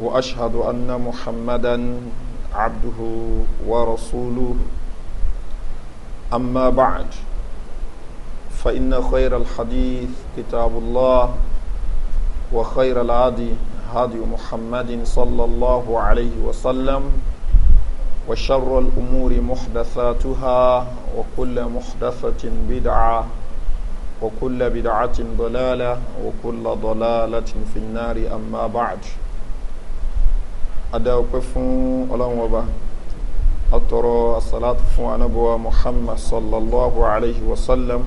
واشهد ان محمدا عبده ورسوله اما بعد فان خير الحديث كتاب الله وخير العادي هادي محمد صلى الله عليه وسلم وشر الامور محدثاتها وكل محدثه بدعه وكل بدعه ضلاله وكل ضلاله في النار اما بعد adá ọpẹ́ fún ọlọ́run ọba atọrọ asalatu fún anabuwa muhammad sallallahu alayhi wa sallam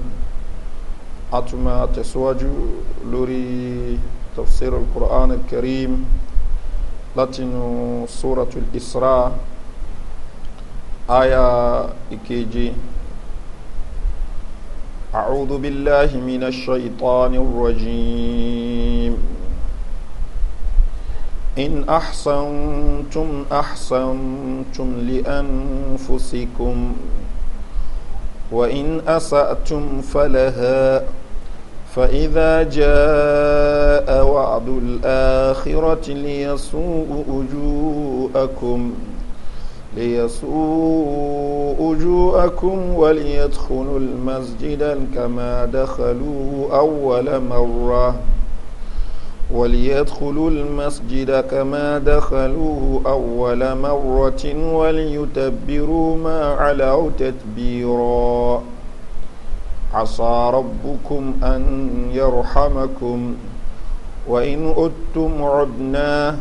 atuma tẹ̀síwájú lórí tafsir al-qur'an al-karim látinú suratul isra aya ìkeje أعوذ بالله من الشيطان الرجيم إن أحسنتم أحسنتم لأنفسكم وإن أسأتم فلها فإذا جاء وعد الآخرة ليسوء وجوءكم ليسوء وجوءكم وليدخلوا المسجد كما دخلوه أول مرة وليدخلوا المسجد كما دخلوه أول مرة وليتبروا ما علوا تتبيرا عصى ربكم أن يرحمكم وإن أدتم عدنا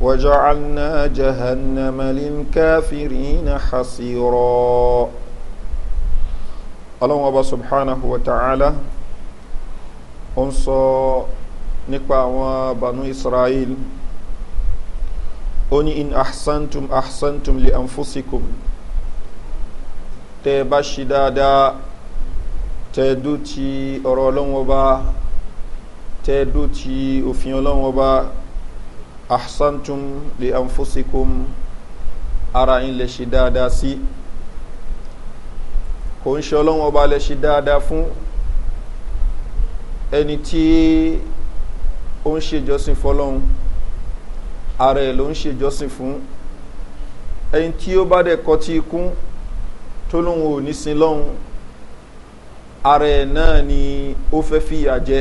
وجعلنا جهنم للكافرين حصيرا الله سبحانه وتعالى أنصى nípa àwọn banu israel ó ní in ahsantum ahsantum li anfusikum tẹ bá ṣe dáadáa tẹ dó ti ọ̀rọ̀ ọlọ́wọ́ bá tẹ dó ti òfin ọlọ́wọ́ bá ahsantum li anfusikum ara yín lè ṣe dáadáa sí kò ń ṣe ọlọ́wọ́ bá lè ṣe dáadáa fún ẹni tí ó ń ṣe ìjọsìn fọlọ́run ara ẹ̀ ló ń ṣe ìjọsìn fún ẹni tí ó bá dẹ̀ kọtí ikún tó lóun ò ní sin lọ́hun ara náà ni ó fẹ́ fìyà jẹ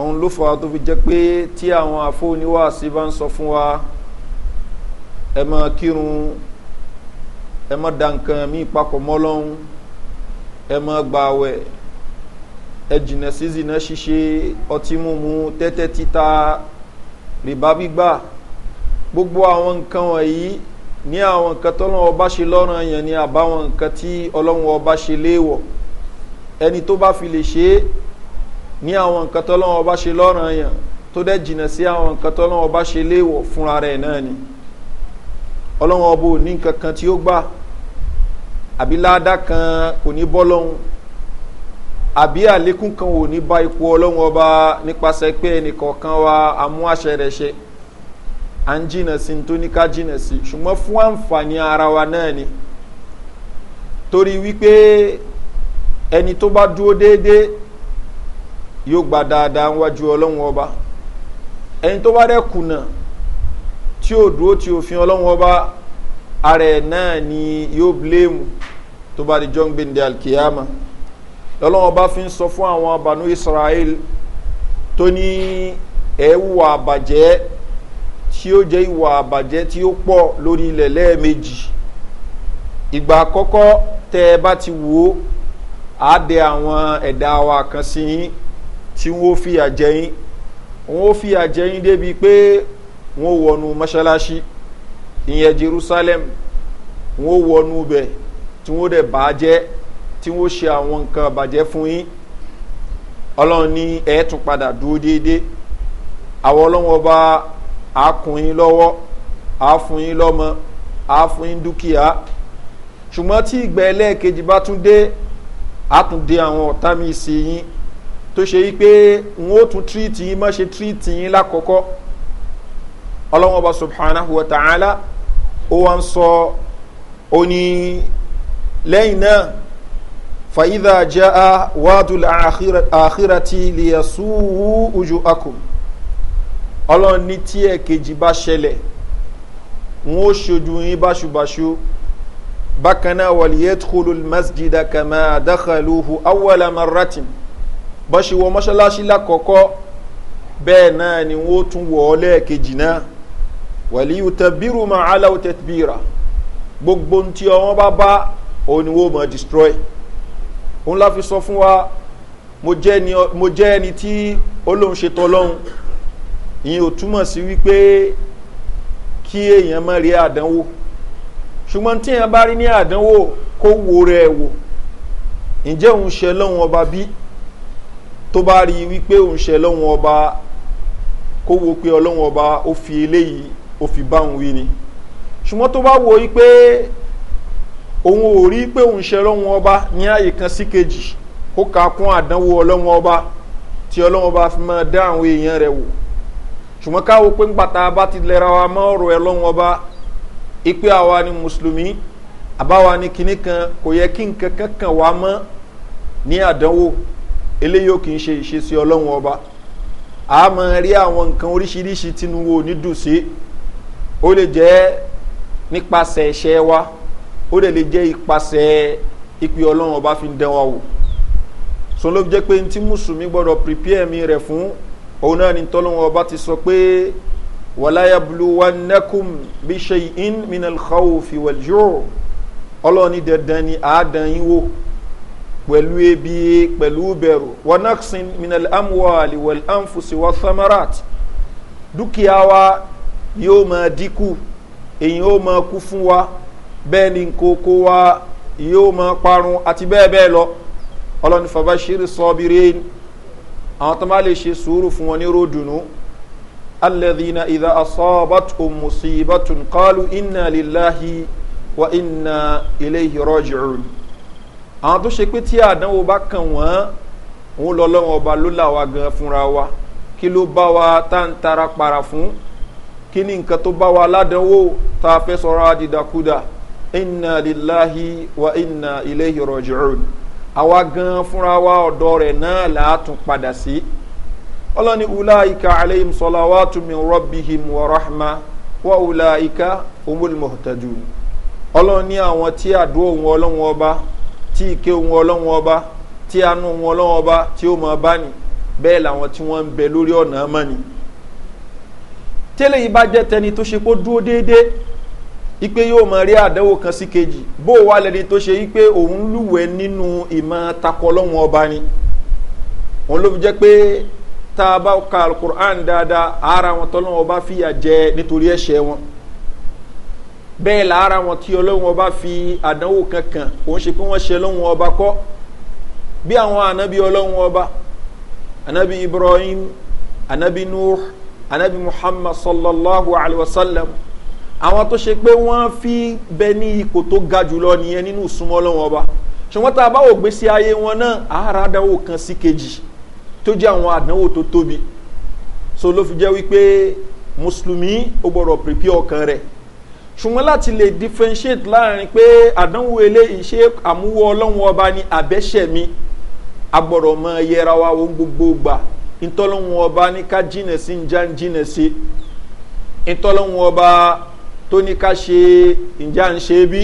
òun ló fà tó fi jẹ́ pé tí àwọn àfóníwáàsí bá ń sọ fún wa ẹ mọ kírun ẹ mọ da nǹkan mí papọ̀ mọ́ lọ́hun ẹ mọ gbàwẹ̀ ẹ jìnà sí zina ṣíṣe ọtí mímu tẹ́tẹ́ títa rìbá gbígbà gbogbo àwọn nǹkan wọ̀nyí ní àwọn nǹkan tọ́lọ́wọ́ bá ṣe lọ́rùn yẹn ní àbáwọn nǹkan tí ọlọ́wọ́ bá ṣe léèwọ̀ ẹni tó bá fi lè ṣe é ní àwọn nǹkan tọ́lọ́wọ́ bá ṣe lọ́rùn yẹn tó dẹ́ jìnà sí àwọn nǹkan tọ́lọ́wọ́ bá ṣe léèwọ̀ fúnra rẹ̀ náà ni ọlọ́wọ́ bò ní nǹkan kan tí ó gbà àbí ládàá kan kò ní bọ́ lọ́hùn àbí àlékún kan ò ní bá ipò ọlọ́run ọba nípasẹ̀ pé ẹnìkọ̀ọ̀kan wa amú àṣẹ rẹ̀ ṣe à ń jìnà sí ní tó jìnà sí ṣùgbọ́n fún àǹfààní ara wa náà ni torí wípé ẹni tó bá dúró déédéé yóò gba dáadáa wájú ọlọ́run ọba ẹni tó bá dẹ̀ kùnà tí ò dúró ti òfin ọlọ́run ọba ara ẹ̀ náà ni yóò bléèmù tó bá di jọ́ ń gbé ní alkiyama lọ́lọ́wọ́ bá fi ń sọ fún àwọn abànú israel tó ní ẹ̀wù àbàjẹ́ tí ó jẹ́ ìwà àbàjẹ́ tí ó pọ̀ lórí ilẹ̀ lẹ́ẹ̀mejì ìgbà àkọ́kọ́ tẹ́ ẹ bá ti wò ó á dẹ àwọn ẹ̀dá wa kan sí yín tí wọ́n fìyà jẹ yín wọ́n fìyà jẹ yín débi pé wọ́n wọnú mọ́ṣáláṣí ìyẹn jerusalem wọ́n wọnú bẹ̀ tí wọ́n dẹ̀ bàá jẹ́ tí wọ́n ṣe àwọn nǹkan àbàjẹ́ fún yín ọlọ́run ní ẹ̀ẹ́tún padà dúró déédéé àwọn ọlọ́run ọba àákùn yín lọ́wọ́ àáfún yín lọ́mọ àáfún yín dúkìá ṣùgbọ́n tí ìgbà ẹlẹ́ẹ̀kejì bá tún dé àtúndé àwọn ọ̀tá mi sí yín tó ṣe yí pé n ó tún tírìtì yín má ṣe tírìtì yín lákọ̀ọ́kọ́ ọlọ́run ọba subhanahu wa ta'ala ó wá ń sọ ó ní lẹ́yìn náà. فإذا جاء وعد الآخرة ليسوء وجوهكم ọlọ́run ní tí ẹ̀kejì bá ṣẹlẹ̀ wọn ó ṣojú yín báṣubàṣu bákan náà wàlíyé tukulu masjida kama adakaluhu awala maratin bó ṣe wọ mọ́ṣáláṣí lákọ̀ọ́kọ́ bẹ́ẹ̀ náà ni wọ́n tún wọ̀ ọ́ lẹ́ẹ̀kejì náà wàlíyù tẹ̀bírù máa aláwọ̀ tẹ̀bírà gbogbo ntí ọ̀wọ́n bá bá òun ni wọ́n mọ̀ destroy òun láfi sọ fún wa mo jẹ́ ẹni tí olóhun ṣe tọ́lọ́hun ìyẹn ò túmọ̀ sí wípé kí èèyàn má rí àdánwò ṣùgbọ́n tí èèyàn bá rí ní àdánwò kó wo rẹ̀ wò ǹjẹ́ òun ṣe lọ́hun ọba bí tó bá rí wípé òun ṣe lọ́hun ọba kó wo pé ọlọ́hun ọba ó fi eléyìí ó fi báwọn wí ni ṣùgbọ́n tó bá wo wípé òun ò rí pé òun ṣe ọlọ́wọ́n ọba ní ààyè kan sí kejì kó ka kún àdánwò ọlọ́wọ́n ọba tí ọlọ́wọ́n ọba fi máa dá àwọn èèyàn rẹ̀ wò ṣùgbọ́n káwo pé ńgbàtà bá ti lẹ́ra wa mọ́ ọ̀rọ̀ ẹlọ́wọ́n ọba ipe àwa ni mùsùlùmí àbáwa ni kinní kan kò yẹ kí nǹkan kan kàn wá mọ́ ní àdánwò eléyìí ò kì í ṣe ìṣesí ọlọ́wọ́n ọba a máa rí àwọn nǹkan oríṣiríṣi tinubu ò ní dùn sí ó lè jẹ́ nípasẹ̀ ẹ̀ṣẹ̀ wa ó dẹ̀ lè jẹ́ ipasẹ̀ ipe ọlọ́run ọba fi ń dẹ́wọ́ wò so ló jẹ́ pé tí mùsùlùmí gbọ́dọ̀ prepare mi rẹ̀ fún òun náà ni tọ́lọ́run ọba ti sọ pé wàláyà bulu wa nẹ́kùm bí ṣe in minal khawo fi wà jù ọlọ́run ní dandan ni àádán yín wò pẹ̀lú ebi pẹ̀lú bẹ̀rù wa naxin minal amwali wal anfusi wa samarat dúkìá wa yóò máa dínkù èyí yóò máa kú fún wa bẹ́ẹ̀ ni kókó wa yóò máa parun àti bẹ́ẹ̀ bẹ́ẹ̀ lọ ọlọ́ni fàbáṣírí sọ́bìrín àwọn tó bá lè ṣe sùúrù fún wọn ní ròdùnú alẹ́dìínà ìdá asọ́bàtún musibatun kọlu iná líláhi wa iná ilé ìrọ́jùrù àwọn tó ṣe pé tí àdánwò bá kàn wọ́n òun lọ ọba ló là gan fúnra wa kí ló bá wa tá ń tara para fún kí ni nǹkan tó bá wa ládánwò tá a fẹ́ sọ̀rọ̀ àdìdàkudà inna lillahi wa inna ilayhi rọjòròn àwa gan fúnra wa ọ̀dọ́ rẹ̀ náà látún padà sí ọlọ́ni ulaika alayhim salawatu min rabbihim wa rahma wa ulaika umul muhtaju ọlọ́ni àwọn tí àdúrà òun ọlọ́run ọba tí ike òun ọlọ́run ọba tí anú òun ọlọ́run ọba tí ó mọ bá ní bẹ́ẹ̀ làwọn tí wọ́n ń bẹ lórí ọ̀nà mọ́ni tẹ́lẹ̀ yìí bá jẹ́ tẹni tó ṣe kó dúró déédéé ipe yóò mọ rí àdánwò kan sí kejì bó o wá lẹni tó ṣe wípé òun lúwẹ̀ nínú ìmọ̀ takọ lọ́wọ́n ọba ni òun ló fi jẹ́ pé tá a bá ka alukur'an dáadáa ara wọn tọ́lọ́wọ́n ọba fìyà jẹ nítorí ẹ̀ṣẹ̀ wọn bẹ́ẹ̀ lára wọn tí ọlọ́wọ́n ọba fi àdánwò kankan òun ṣe pé wọ́n ṣe lọ́wọ́n ọba kọ́ bí àwọn ànábi ọlọ́wọ́n ọba ànábi ibrahim anabi nuh anabi muhammad sallallahu alayhi wa sallam àwọn tó ṣe pé wọ́n fi bẹ ní ipò tó ga jùlọ nìyẹn nínú súnmọ́ lọ́wọ́ ọba ṣùgbọ́n tá a bá wò gbé sí ayé wọn náà àárá àdánwò kan sí kejì tó jẹ́ àwọn àdánwò tó tóbi so ló fi jẹ́ wípé mùsùlùmí ó gbọ́dọ̀ pèpè ọkàn rẹ̀ ṣùgbọ́n láti lè differentiate láàrin pé àdánwò eléyìí ṣe àmúwọ́ ọlọ́run ọba ni àbẹ́ṣẹ̀ mi agbọ́dọ̀ mọ yẹra wa wo gbogbo gbà ntọ́lọ́run ọba ní ká jìnà sí ń já jìnà sí ntọ́lọ́run ọba tó ní ká ṣe ìjà ń ṣe bí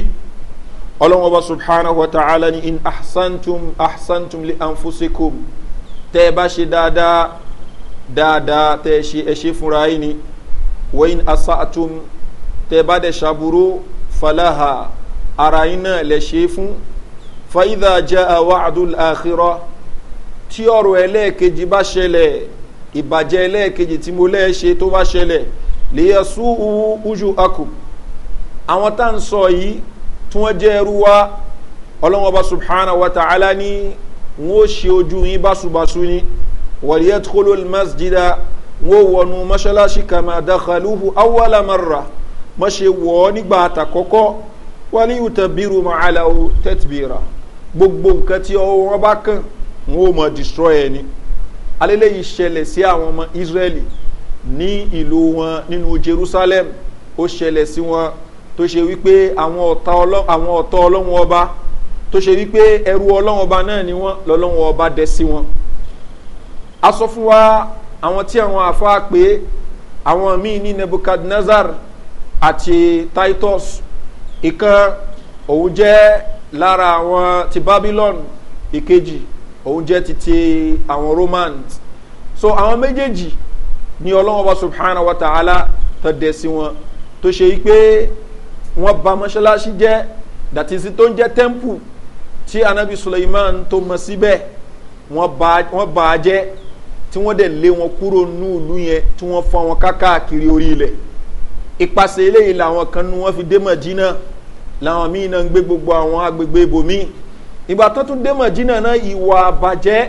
ọlọ́run ọba subhanahu wa ta'ala ni in ahsantum ahsantum li anfusikum tẹ́ ẹ bá ṣe dáadáa dáadáa tẹ́ ẹ ṣe ẹ ṣe fúnra yín ni wa asa'atum tẹ́ ẹ bá dẹ̀ ṣàbúrò falaha ara yín náà lẹ ṣe fún fàyídà jẹ́ àwọn àdúl àkírọ́ tí ọ̀rọ̀ ẹlẹ́ẹ̀kejì bá ṣẹlẹ̀ ìbàjẹ́ ẹlẹ́ẹ̀kejì tí mo lẹ́ẹ̀ ṣe tó bá ṣẹlẹ̀ lèyẹsù ujú akù àwọn tá ń sọ yìí tí wọ́n jẹ́ ẹrú wa ọlọ́wọ́n bá subhanahu wa ta'ala ní wọ́n ó ṣe ojú yín báṣubàṣu ni wàlíyẹ́ tókòló masjida wọ́n wọnú mọ́ṣáláṣí kàmá dàkàlùhù awọ́lámàrà mọ́ṣe wọ́ nígbà àtàkọ́kọ́ wálé ìtàbírù màálàó tẹ́tìbìrà gbogbo nǹkan tí ọwọ́ bá kàn wọ́n ó mọ̀ destroy ẹni alẹ́lẹ́yìí ṣẹlẹ̀ sí àwọn ọmọ israeli ní ìlú wọn nínú jerusalem ó ṣẹlẹ̀ sí wọn tó ṣe wípé àwọn ọ̀tọ́ ọlọ́wọ́n ọba tó ṣe wípé ẹrú ọlọ́wọ́n ọba náà ni wọ́n lọ́lọ́wọ́n ọba dẹ sí wọn. a sọ fún wa àwọn tí àwọn àfáà pé àwọn míì ní nebuchadnezzar àti titus ìkan òun jẹ́ lára àwọn ti babylon ìkejì òun jẹ́ ti ti àwọn romans so àwọn méjèèjì Ni ọlọ́wọ́n bá subhanahu wa ta'ala tó dẹ̀ sí wọn tó ṣe pé wọ́n ba mọ́ṣáláṣí jẹ́ dàtísí tó ń jẹ́ tẹ́ḿpù tí anabi suleiman tó mọ síbẹ̀ wọ́n ba á jẹ́ tí wọ́n dẹ̀ lé wọn kúrò ní ìlú yẹn tí wọ́n fọ́ wọn káàkiri orí ilẹ̀ ìpàṣẹ eléyìí làwọn kan nu wọn fi dé mọ̀jínà làwọn míì náà ń gbé gbogbo àwọn agbègbè ibòmíì ìgbà tó tún dé mọ̀jínà náà ìwà àbàjẹ́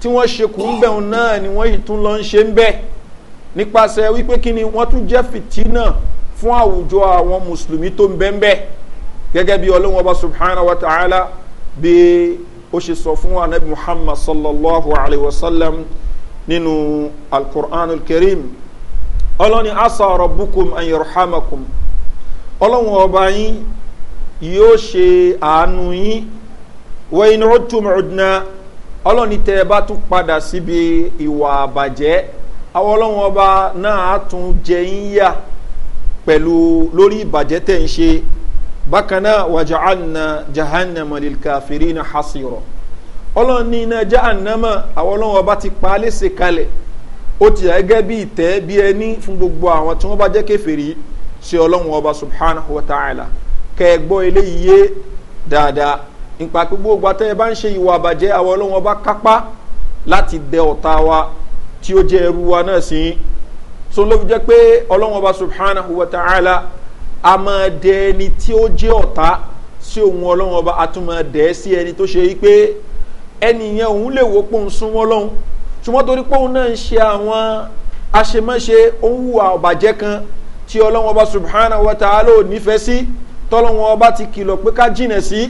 tí wọ́n ṣe kù ń bẹ̀rù náà ni wọ́n tún lọ ń ṣe ń bẹ́ẹ̀ nípasẹ̀ wípé kí ni wọ́n tún jẹ́ fìtínà fún àwùjọ àwọn mùsùlùmí tó ń bẹ́ńbẹ́ gẹ́gẹ́ bí ọlọ́run ọba subhanahu wa ta'ala bí ó ṣe sọ fún anabi muhammad sallallahu alayhi wa sallam nínú alukur'an kareem ọlọ́ni asa rabbukum ayọ̀rọ̀hamakum ọlọ́run ọba yín yóò ṣe àánú yín wẹ́yìn rọ́tùmùdùnà ọlọ́ni tẹ́ ẹ bá tún padà síbi ìwà àbàjẹ́ àwọn ọlọ́run ọba náà á tún jẹ yín yá pẹ̀lú lórí ìbàjẹ́ tẹ̀ ń ṣe bákan náà wàjà àna jahanna malil kafiri na hasiro ọlọ́run ní iná jahanna mọ̀ àwọn ọlọ́run ọba ti pa á léṣe kalẹ̀ ó ti yà gẹ́gẹ́ bí ìtẹ́ bí ẹni fún gbogbo àwọn tí wọ́n bá jẹ́ kẹfẹ́rì ṣe ọlọ́run ọba subhanahu wa ta'ala kẹ́ẹ̀gbọ́ eléyìí yé dáadáa nípa pé gbogbo àtẹ́yẹ bá ń ṣe ìwà àbàjẹ́ àwọn ọlọ́run ọba kápá láti dẹ ọ̀tá wa tí ó jẹ́ ẹrú wa náà sí so ló fi jẹ́ pé ọlọ́run ọba subhanahu wa ta'ala a máa dẹ ẹni tí ó jẹ́ ọ̀tá sí òun ọlọ́run ọba a tún máa dẹ sí ẹni tó ṣe yí pé ẹni yẹn òun lè wo pòun súnmọ́ lọ́hùn ṣùgbọ́n torí pòun náà ń ṣe àwọn aṣemáṣe òun hùwà ọ̀bàjẹ́ kan tí ọlọ́run ọba subhanahu wa ta'ala ò nífẹ̀ẹ́ sí tọ́lọ́run ọba ti kìlọ̀ pé ká jìnà sí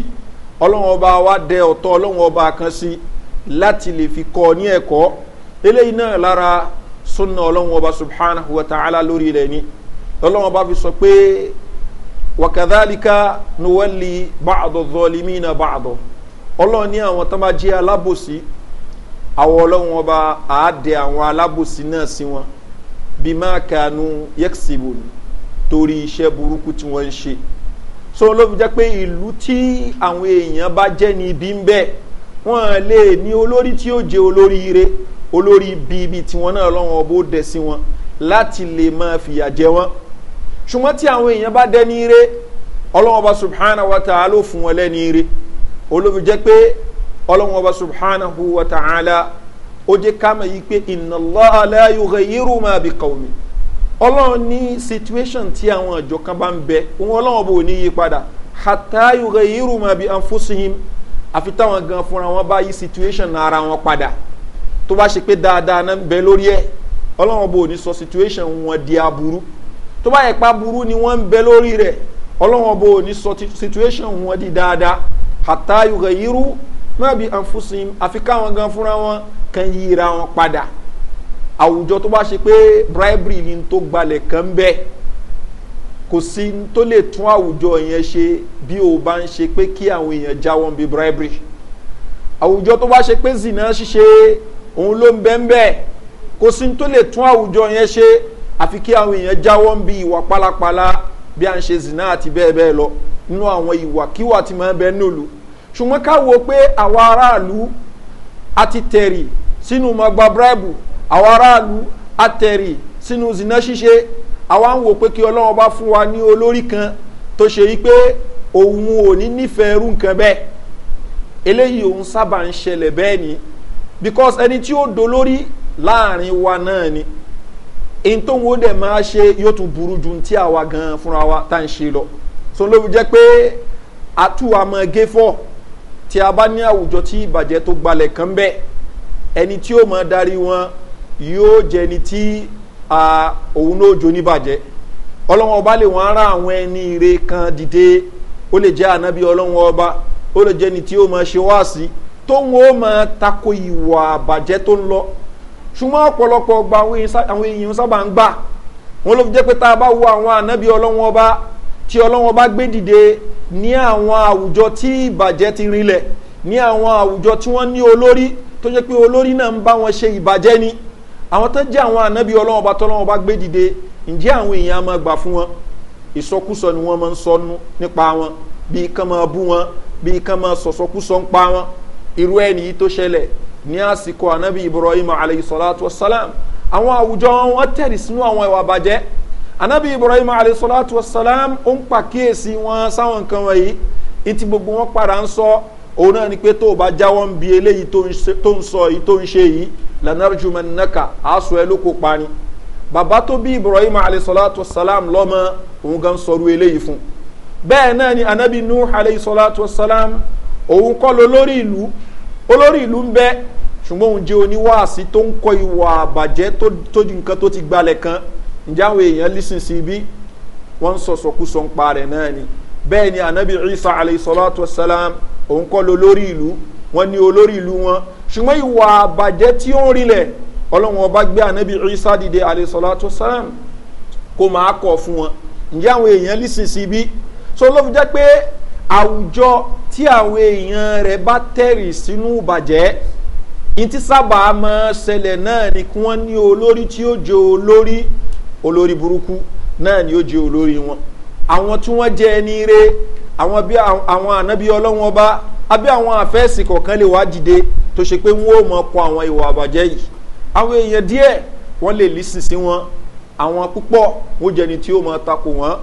ọlọ́run ọba wa dẹ ọ̀tọ́ ọlọ́run ọba kan sí láti lè fi kọ́ ọ ní ẹ̀kọ́ eléyìí náà lára sunna ọlọ́run ọba subhanahu wa ta'ala lórí rẹ̀ ni ọlọ́run ọba fi sọ pé wakadhalika nuwali ba'adọ zọlimina ba'adọ ọlọ́run ní àwọn tó bá jẹ́ alábòsí àwọn ọlọ́run ọba àádẹ àwọn alábòsí náà sí wọn bí máa kànú yẹ́kìsìbòn torí iṣẹ́ burúkú tí wọ́n ń ṣe so ló fi pé ìlú tí àwọn èèyàn bá jẹ́ ní ibi ń bẹ́ẹ̀ wọ́n lè ní olórí tí ó jẹ́ olórí ire olórí ibi ibi tiwọn náà lọ́wọ́ ọbọ̀ ó dẹ̀ sí wọn láti lè máa fìyà jẹ wọn ṣùgbọ́n tí àwọn èèyàn bá dẹ́ni ire ọlọ́wọ́n subhanahu wa ta'ala ló fún wọn lẹ́ni ire olóbi jẹ́ pé ọlọ́wọ́n subhanahu wa ta'ala ó jẹ́ kámẹ́ yìí pé iná lọ́ọ̀lá yóò rẹ̀ yírù máa bí kàwé ọlọ́run ní situation tí àwọn àjọ kan bá ń bẹ òun ọlọ́run bò ní yí padà rẹ̀ yírù máa bí anfusihim àfi táwọn gan fúnra wọn bá yí situation ara wọn padà tó bá ṣe pé dáadáa náà ń bẹ lórí ẹ̀ ọlọ́run bò ní sọ situation wọn di aburú tó bá yẹ burú ni wọ́n ń bẹ lórí rẹ̀ ọlọ́run bò ní sọ situation wọn di dáadáa hàtá yorùbá yìírú má bí ànfúsìn àfi káwọn gan fúnra wọn kan yíra wọn padà àwùjọ tó bá ṣe pé bribery ni tó gbalẹ̀ kan bẹ́ẹ̀ kò sí tó lè tún àwùjọ yẹn ṣe bí o bá ń ṣe pé kí àwọn èèyàn jáwọ́ bí bribery àwùjọ tó bá ṣe pé zina ṣíṣe òun ló ń bẹ́ńbẹ́ kò sí tó lè tún àwùjọ yẹn ṣe àfi kí àwọn èèyàn jáwọ́ ń bi ìwà pálapàla bí à ń ṣe zina àti bẹ́ẹ̀ bẹ́ẹ̀ lọ nínú àwọn ìwàkíwà tí máa ń bẹ nílùú ṣùgbọ́n ká wo pé àwa aráàlú àti tẹ̀rì sínú magba bíráìbù àwa aráàlú àtẹ̀rì sínú zina ṣíṣe àwa ń wò pé kí ọlọ́run bá fún wa ní olórí kan tó ṣe yí pé òun ò ní nífẹ̀ẹ́ irú nǹkan bẹ́ẹ̀ eléyìí òun sábà ń ṣẹlẹ̀ bẹ́ẹ̀ ni because ẹni tí ó dolórí láàrin wa náà ni èyí tó ń wo dẹ̀ máa ṣe yóò tún burú ju ti àwa gan fúnra wa tá à ń ṣe lọ so ló fi jẹ́ pé àtúwà mọ géfọ́ tí a bá ní àwùjọ tí ìbàjẹ́ tó gbalẹ̀ kan bẹ́ ẹni tí ó mọ darí wọn yóò jẹ́ ni tí òun náà jó níbàjẹ́ ọlọ́wọ́n ọba lè wọ́n ara àwọn ẹni ire kan dìde ó lè jẹ́ ànábì ọlọ́wọ́n ọba ó lè jẹ́ ni tí ó mọ ṣe wáàsí. Si tóun ó máa tako ìwà àbàjẹ́ tó ń lọ ṣùgbọ́n ọ̀pọ̀lọpọ̀ gba àwọn èèyàn sábà ń gbà wọn ló fi jẹ́ pé tá a bá wo àwọn ànábì ọlọ́wọ́n ọba tí ọlọ́wọ́n ọba gbé dìde ní àwọn àwùjọ tí ìbàjẹ́ ti rinlẹ̀ ní àwọn àwùjọ tí wọ́n ní olórí tó jẹ́ pé olórí náà ń bá wọn ṣe ìbàjẹ́ ni àwọn tó jẹ́ àwọn ànábì ọlọ́wọ́n ọba tọ́lọ́wọ́n ọba gbé dìde ǹjẹ́ àwọn èèyàn máa gbà fún wọn ìsọkúsọ ni wọ́n máa ń sọ nípa wọn bíi kán máa bú wọn bíi kán máa sọ̀sọkúsọ ń pa wọn irú ẹni yìí tó ṣẹlẹ̀ ní àsìkò anabi ibrahim alayhi salatu wa salam àwọn àwùjọ wọn tẹ̀lé sínú àwọn ìwà bàjẹ́ anabi ibrahim alayhi salatu wa salam ó ń pàkíyèsí wọn sáwọn nǹkan wọ̀nyí etí gbogbo wọn padà ń sọ òun náà ni pé tó o bá jáwọ́ ń bi eléyìí tó ń sọ yìí tó ń ṣe yìí lanarjuma naka aṣọ ẹ ló kó pani bàbá tó bí ibrahim alayhi salatu lọ́mọ òun gan sọrú eléyìí fún bẹ́ẹ̀ náà ni anabi nuh alayhi salatu òun kọ́ lo lórí ìlú olórí ìlú ń bẹ́ ṣùgbọ́n òun jẹ́ oníwàásí tó ń kọ́ ìwà àbàjẹ́ tó di nǹkan tó ti gbalẹ̀ kan ǹjẹ́ àwọn èèyàn lísìn sí ibi wọ́n ń sọ̀sọ̀kú sọ ń pa rẹ̀ náà ni bẹ́ẹ̀ ni anabi isa alayhisalatu wasalam òun kọ́ lo lórí ìlú wọ́n ní olórí ìlú wọn ṣùgbọ́n ìwà àbàjẹ́ tí ó ń rinlẹ̀ ọlọ́run ọba gbé anabi isa dìde alayhisalatu wasalam kó máa kọ̀ fún wọn ǹjẹ́ àwọn èèyàn lísìn sí ibi so ló fi jẹ́ pé àwùjọ tí àwọn èèyàn rẹ̀ bá tẹ̀rì sínú ìbàjẹ́ ní tí sábà máa ṣẹlẹ̀ náà ni kí wọ́n ní olórí tí ó jẹ olórí olórí burúkú náà ni ó jẹ olórí wọn àwọn tí wọ́n jẹ́ ẹni re àwọn bí àwọn ànábí ọlọ́wọ́n bá àbí àwọn àfẹ́sì kọ̀ọ̀kan lè wá dìde tó ṣe pé wọ́n ò mọ̀ kọ àwọn ìwà àbàjẹ́ yìí àwọn èèyàn díẹ̀ wọ́n lè lísìn sí wọn àwọn púpọ̀ wọ́n jẹni tí ó mọ̀ takò wọ́n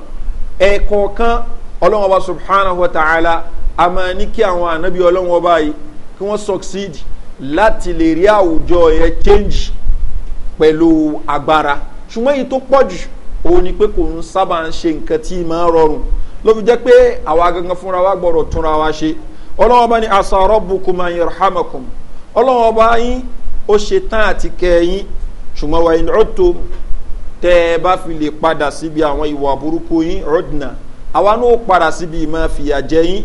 ẹ̀ẹ̀kọ̀ọ̀kan ọlọ́run ọba subhanahu wa ta'ala a máa ní kí àwọn ànábì ọlọ́run ọba yìí kí wọ́n succeed láti lè rí àwùjọ yẹn change pẹ̀lú agbára ṣùgbọ́n èyí tó pọ̀ jù òun ni pé kò ń sábà ń ṣe nǹkan tí máa rọrùn ló fi jẹ́ pé àwa gangan fúnra wa gbọ́dọ̀ túnra wa ṣe ọlọ́run ọba ni asọ̀rọ̀ bukuma yorùhámàkùn ọlọ́run ọba yín ó ṣe tán àti kẹ́yìn ṣùgbọ́n wàyí ní ọ̀tọ̀ tẹ́ ẹ bá fi lè padà síbi àwọn ìwà burúkú yín ọ̀dùnà àwa náà padà síbi ìmọ̀ fìyà jẹ yín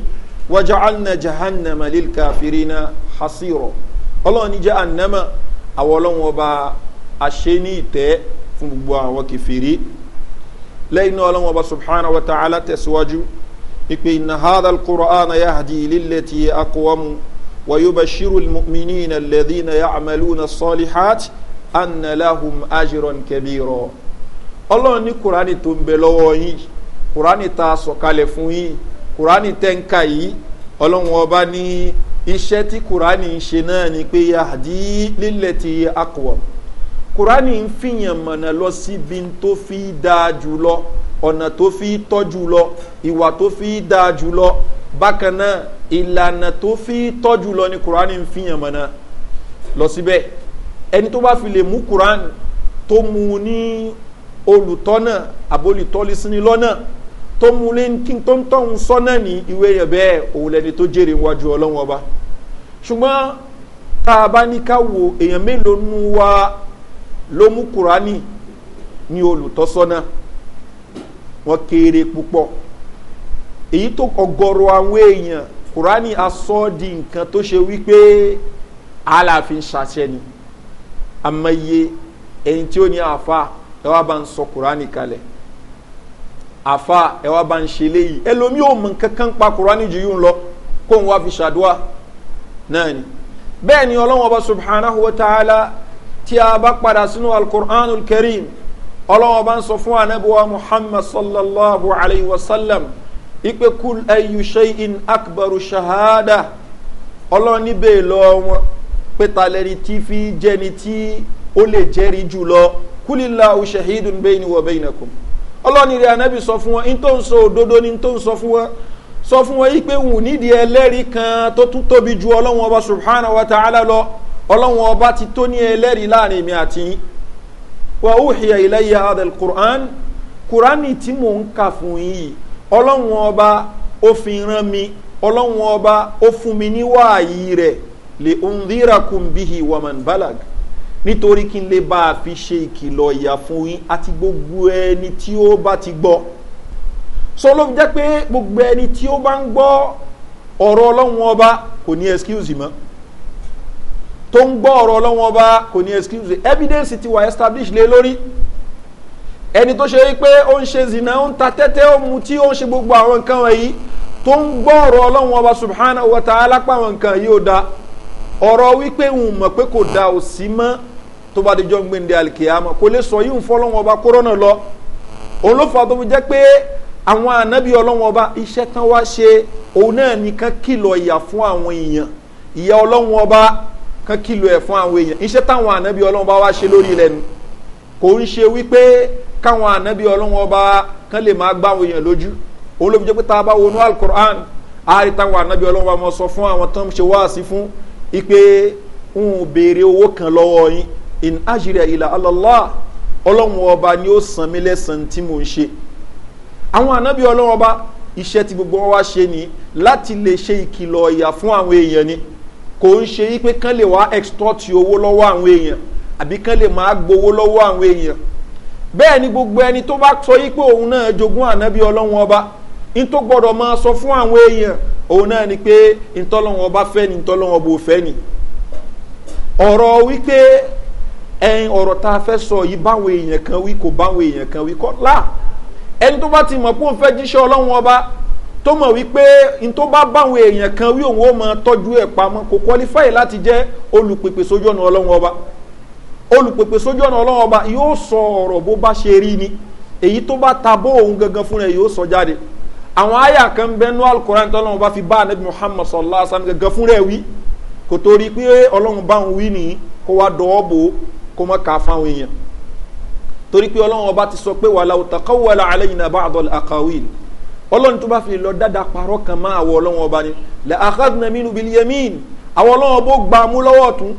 wájà alna jahannama lil kafirina hasiro ọlọ́run ní jẹ́ anama àwọn ọlọ́run ọba àṣẹ ní ìtẹ́ fún gbogbo àwọn kẹfìrí lẹ́yìn náà ọlọ́run ọba subhanahu wa ta'ala tẹ̀síwájú ìpè iná hadal qur'an ya hadi lílẹ̀ tí akọwàmù ويبشر المؤمنين الذين يعملون الصالحات أن لهم أجرا كبيرا الله ní kùránì tó ń bẹ lọ́wọ́ yìí Kurani ta sọ̀kalẹ̀ fún yín kùránì tẹ́ ń ka yìí ọlọ́run ọba ní iṣẹ́ tí kùránì ń ṣe náà ni pé àdí lílẹ̀ ti akọ̀wọ̀ kùránì ń fìyàn mọ̀nà lọ síbi tó fi dáa jù lọ ọ̀nà tó fi tọ́ lọ ìwà tó fi dáa jù lọ bákan náà ìlànà tó fi tọ́ lọ ni kurani ń fìyàn mọ̀nà lọ síbẹ̀ ẹni tó bá fi lè mú kùránì tó mu ní olùtọ́nà àbólítọ́lísínilọ́nà tó mú lé kí tó ń tọ́hún sọ́nà ní ìwé yẹn bẹ́ẹ̀ òun lẹni tó jèrè wájú ọlọ́wọ́n ọba ṣùgbọ́n tá a bá ní ká wo èèyàn mélòó nu wa ló mú kúránì ní olùtọ́sọ́nà wọn kéré púpọ̀ èyí tó ọgọrọ àwọn èèyàn kúránì asọ́ di nǹkan tó ṣe wípé aláàfin ṣàṣẹ ni àmọ́ iye ẹ̀yìn tí ó ní àáfà ẹ wá bá ń sọ kúránì kalẹ̀ àfa ẹ wá bá ń ṣe léyìí ẹlòmí ò mọ nǹkan kan pa kùránì jù yìí ń lọ kó ń wá fi ṣàdúrà náà ni bẹ́ẹ̀ ni ọlọ́wọ́n ọba subhanahu wa ta'ala tí a bá padà sínú alukur'anul kareem ọlọ́wọ́n bá ń sọ fún anabiwa muhammad sallallahu alayhi wa sallam ipe kul ayu shay'in akbaru shahada ọlọ́run níbẹ̀ lọ wọn pé talẹ́ni tí fi jẹ́ni tí ó lè jẹ́rìí jù lọ kúlìlà bẹ́ẹ̀ ni wọ́n bẹ́ẹ̀ nàkùn ọlọ́ni rẹ̀ anábì sọ fún wọn in tó ń sọ òdodo ni tó ń sọ fún wọn sọ fún wọn yìí pé wù nídìí ẹlẹ́rìí kan tó tún tóbi ju ọlọ́wọ́n ọba subhana wa ta'ala lọ ọlọ́wọ́n ọba ti tó ní ẹlẹ́rìí láàrin mi àti yín wà ó hìyà ìlẹ́yà adal quran qurani tí mò ń kà fún yìí ọlọ́wọ́n ọba ó fi ran mi ọlọ́wọ́n ọba ó fún mi ní wáàyí rẹ̀ lè ń kùn bíhi wàmán balag nítorí kí n lè bá a fi ṣe ìkìlọ̀ ìyà fún yín àti gbogbo ẹni tí ó bá ti gbọ́ so ló fi jẹ́ pé gbogbo ẹni tí ó bá ń gbọ́ ọ̀rọ̀ ọlọ́run ọba kò ní excuse mọ́ tó ń gbọ́ ọ̀rọ̀ ọlọ́run ọba kò ní excuse evidence ti wà establish lé lórí ẹni tó ṣe wípé ó ń ṣe zina ó ń ta tẹ́tẹ́ ó mu tí ó ń ṣe gbogbo àwọn nǹkan wọ̀nyí tó ń gbọ́ ọ̀rọ̀ ọlọ́run ọba subhanahu wa ta'ala pàwọn nǹkan yìí ó da ọ̀rọ̀ wípé òun mọ̀ pé kò da ò mọ́ tó bá dijọ́ ń gbéǹde alikiyama kò lè sọ yìí ń fọ́ lọ́wọ́ ọba kóró náà lọ òun ló fà tó fi jẹ́ pé àwọn ànábì ọlọ́wọ́ ọba iṣẹ́ tán wá ṣe òun náà ní kán kìlọ̀ ìyà fún àwọn èèyàn ìyà ọlọ́wọ́ ọba kán kìlọ̀ ẹ̀ fún àwọn èèyàn iṣẹ́ táwọn ànábì ọlọ́wọ́ ọba wá ṣe lórí ilẹ̀ kò ń ṣe wípé káwọn ànábì ọlọ́wọ́ ọba kán lè máa gbá àwọn èèyàn lójú òun ló fi jẹ́ pé tá a bá wọnú alukur'an àárí táwọn ànábì ọlọ́wọ́ ọba mọ̀ sọ fún àwọn tó ń ṣe wáàsí fún ipe ń béèrè owó kan lọ́wọ́ yín in ajira ilà alọ́lá ọlọ́run ọba ni ó san mí lẹ́sàn tí mò ń ṣe àwọn ànábì ọlọ́run ọba iṣẹ́ tí gbogbo wọn wá ṣe ni láti lè ṣe ìkìlọ̀ ọ̀yà fún àwọn èèyàn ni kò ń ṣe yí pé kán lè wá extort owó lọ́wọ́ àwọn èèyàn àbí kán lè máa gbowó lọ́wọ́ àwọn èèyàn bẹ́ẹ̀ ni gbogbo ẹni tó bá sọ yí pé òun náà jogún ànábì ọlọ́run ọba n tó gbọ́dọ̀ máa sọ fún àwọn èèyàn òun náà ni pé ntọ́lọ́run ọba fẹ́ ni ntọ́lọ́run ọba ò fẹ́ ni ọ̀rọ̀ wípé ẹyin ọrọ tá a fẹ́ sọ yìí báwo èèyàn kan wí kò báwo èèyàn kan wí kọ́ là ẹni tó bá ti mọ̀ pé òun fẹ́ jíṣẹ́ ọlọ́run ọba tó mọ̀ wípé n tó bá báwọn èèyàn kan wí òun ó mọ tọ́jú ẹ pamọ́ kò láti olùpèpè sójú ọba olùpèpè sójú ọba yóò sọ bó bá ṣe rí ni èyí tó ta bó òun gangan fúnra yóò sọ jáde àwọn àyà kan nú bá fi bá anabi muhammad fúnra wí kò torí pé ọlọ́run wí kó mọ́ ká fáwọn èèyàn torí pé ọlọ́run ọba ti sọ pé wàhálà òtàkọ́wọ́lá àlẹ́yìn náà bá àdọ́lá àkàwìn ọlọ́run tó bá fi lọ dáadáa parọ́ kan máa wọ ọlọ́run ọba ni lẹ́ àkàdùnà mínú bíi yẹmín àwọn ọlọ́run ọba ó gbà mú lọ́wọ́ tún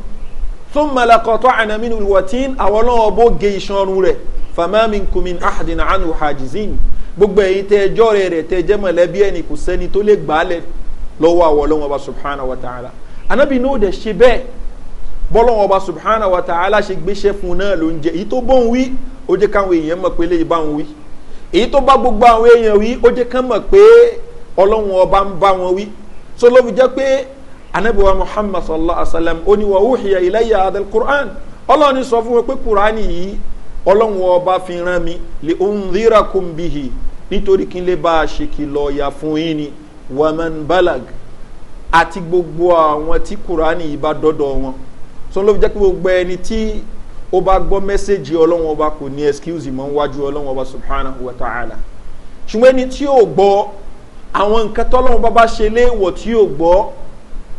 tó mọ̀lẹ́kọ̀tọ́ àná mínú wọ̀tín àwọn ọlọ́run ọba ó ge iṣan ọrùn rẹ̀ famamin kumin ahadina anu hajizin gbogbo èyí tẹ ẹjọ́ rẹ̀ rẹ̀ tẹ jẹ́ mọ̀lẹ́bí ẹni kò sẹ́ni tó lè gbàálẹ̀ lọ́wọ́ àwọn ọlọ́run ọba subhanahu wa ta'ala anábì ní ó ṣe bẹ́ẹ̀ bọ́lọ́wọ́ ọba subhanahu wa ta'ala ṣe gbéṣẹ́ fún un náà ló ń jẹ èyí tó bóun wí ó jẹ́ káwọn èèyàn mọ̀ pé lè bá wọn wí èyí tó bá gbogbo àwọn èèyàn wí ó jẹ́ kán mọ̀ pé ọlọ́wọ́n ọba ń bá wọn wí so ló fi jẹ́ pé anabiwa muhammad sallallahu alaihi wa sallam ó ní wa wúhìyà iláyà adal qur'an ọlọ́run sọ fún mi pé qur'an yìí ọlọ́run ọba fi ran mi lè ondira kumbihi nítorí kí n lè bá a ṣe kìlọ̀ ọ̀yà fún yín ni wàmán balag àti gbogbo àwọn tí qur'an yìí bá dọ́dọ̀ wọn so ló fi jẹ́ pé gbogbo ẹni tí ó bá gbọ́ mẹ́sẹ̀gì ọlọ́run ọba kò ní excuse mọ́ níwájú ọlọ́run ọba subhanahu wa ta'ala ṣùgbọ́n ẹni tí yóò gbọ́ àwọn nǹkan tọ́lọ́run bá bá ṣe léèwọ̀ tí yóò gbọ́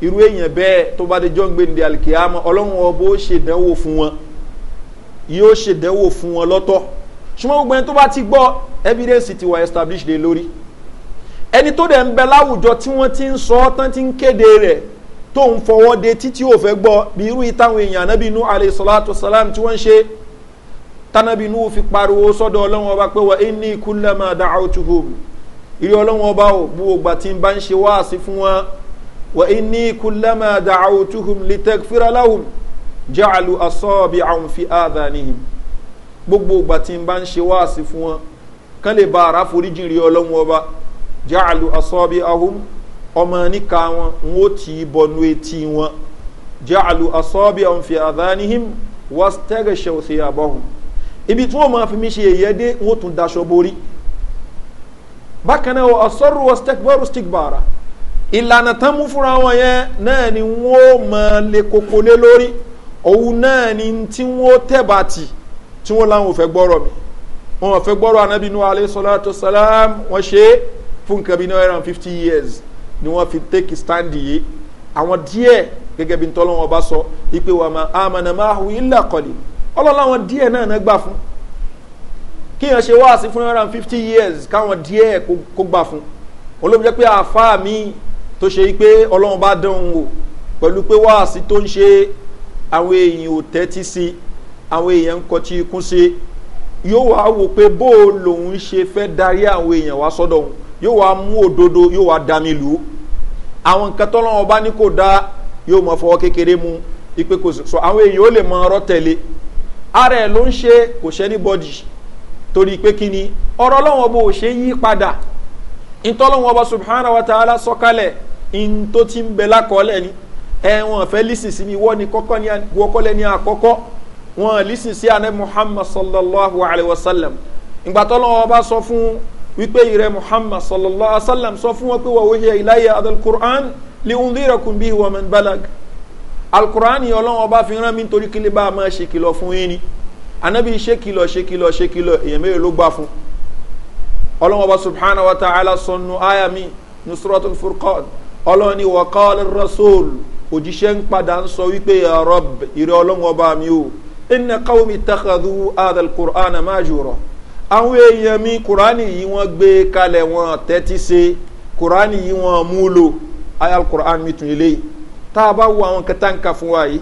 irú èèyàn bẹ́ẹ̀ tó bá dé jọ́ǹgbé ní alikiyama ọlọ́run ọba ó ṣe dánwò fún wọn yóò ṣe dánwò fún wọn lọ́tọ̀ ṣùgbọ́n gbogbo ẹni tó bá ti gbọ́ evidence ti wà established lórí ẹni tó dẹ̀ ń bẹ láwùjọ tí wọ́n ti ń sọ ọ́ tán ti ń kéde rẹ̀ tó ń fọwọ́ de títí ò fẹ́ gbọ́ bí irú ìtàwọn èèyàn anábìnú alayhisalatu salam tí wọ́n ṣe tánábìnú fi pariwo sọ́dọ̀ ọlọ́wọ́n ọba pé wà ní kúlẹ̀mà dàáwùtúhùm ìrí ọlọ́wọ́n ọba ò bú ògbà tí ń bá ń ṣe wáàsí fún wọn wà ní kúlẹ̀mà dàáwùtúhùm litek firaláhùm jẹ́ àlù asọ́ọ̀bì àwọn fi àdá nìyìn gbogbo ògbà tí ń bá ń ṣe wáàsí fún wọn kán lè ba àràforíjì rí ọlọ́wọ́n ọba jẹ́ àlù asọ́ọ̀bì àwọn fi àdá ọmọ níka wọn n ó ti bọnu etí wọn jaalu asọ́bi ọ̀nfì àdánihim wọ́n tẹ́gẹ̀ ṣe òsè àbọ̀hùn ibi tí wọ́n máa fi mi ṣe èyẹ dé n ó tún daṣọ borí bákan náà ọ̀sọ́rù wọ́n tẹ́gbọ́rù stigbara ìlànà tán mú fúnra wọn yẹn náà ni wọ́n máa lè koko lé lórí òun náà ni tí wọ́n tẹ̀bà tì tí wọ́n láwọn ò fẹ́ gbọ́rọ̀ mi wọn fẹ́ gbọ́rọ̀ anábìnú alẹ́ sọlá tó sálám wọ́n ṣe fún nǹkan bíi náírà fifty years ni wọ́n fi take stand yìí àwọn díẹ̀ gẹ́gẹ́ bí ntọ́lọ́wọ́n bá sọ ipe wa ma amana ma hu ilà kọ́lì ọlọ́lá àwọn díẹ̀ náà náà gbà fún kíyàn ṣe wá sí fún hundred and fifty years káwọn díẹ̀ kó gbà fún olóbi jẹ́ pé àáfàá mi tó ṣe pé ọlọ́run bá dán òun wò pẹ̀lú pé wá sí tó ń ṣe àwọn èèyàn ò tẹ́tí sí àwọn èèyàn ń kọtí ikún sí yóò wá wò pé bó lòun ṣe fẹ́ darí àwọn èèyàn wá sọ́dọ̀ òun yóò wá mú òdodo yóò wá dami lù ú àwọn nǹkan tọ́lọ́wọ́n bá ní kò dá yóò mọ fọwọ́ kékeré mu ipe kò sọ àwọn èèyàn ó lè mọ ọrọ́ tẹ̀lé ara ẹ̀ ló ń ṣe kò ṣẹ́ ní bọ́dì torí pé kí ni ọ̀rọ̀ ọlọ́wọ́n bó ṣe yí padà ìtọ́lọ́wọ́n ọba subhanahu wa ta'ala sọ́kalẹ̀ in tó ti ń bẹ lákọọ́lẹ̀ ni ẹ̀wọ̀n fẹ́ lísì sí mi wọ́n ni kọ́kọ́ ni wọ́kọ́lẹ̀ ni àkọ́kọ́ wọn lísì sí anẹ́ muhammad sallallahu alayhi wa sallam ìgbà tọ́lọ́wọ́n ọba sọ fún wípé ìrẹ muhammad sallallahu alaihi wa sallam sọ fún wọn pé wà wíhìyà ìláyà adalkur'an lè ń dira kùn bí wà mẹ́n balag alkur'an yìí ọlọ́wọ́n bá fi rán mi nítorí kílé bá a máa ṣe kìlọ̀ fún yín ni anabi ṣe kìlọ̀ ṣe kìlọ̀ ṣe kìlọ̀ èèyàn mẹ́rin ló gbà fún ọlọ́wọ́n bá subhana wa ta'ala sọnù aya mi nusratul furqan ọlọ́wọ́n ni wà kọ́ọ̀lì rasul òjíṣẹ́ ń padà ń sọ wípé ya rọ́b ìrẹ ọlọ́wọ́n bá mi o inna kawmi takadu adalkur'an máa jùrọ̀ àwọn èèyàn mi kùránì yìí wọ́n gbé kalẹ̀ wọn tẹ́tí ṣe kùránì yìí wọ́n mú lò ayal kùránì mi tún ilé tá a bá wo àwọn kẹta ń ka fún wa yìí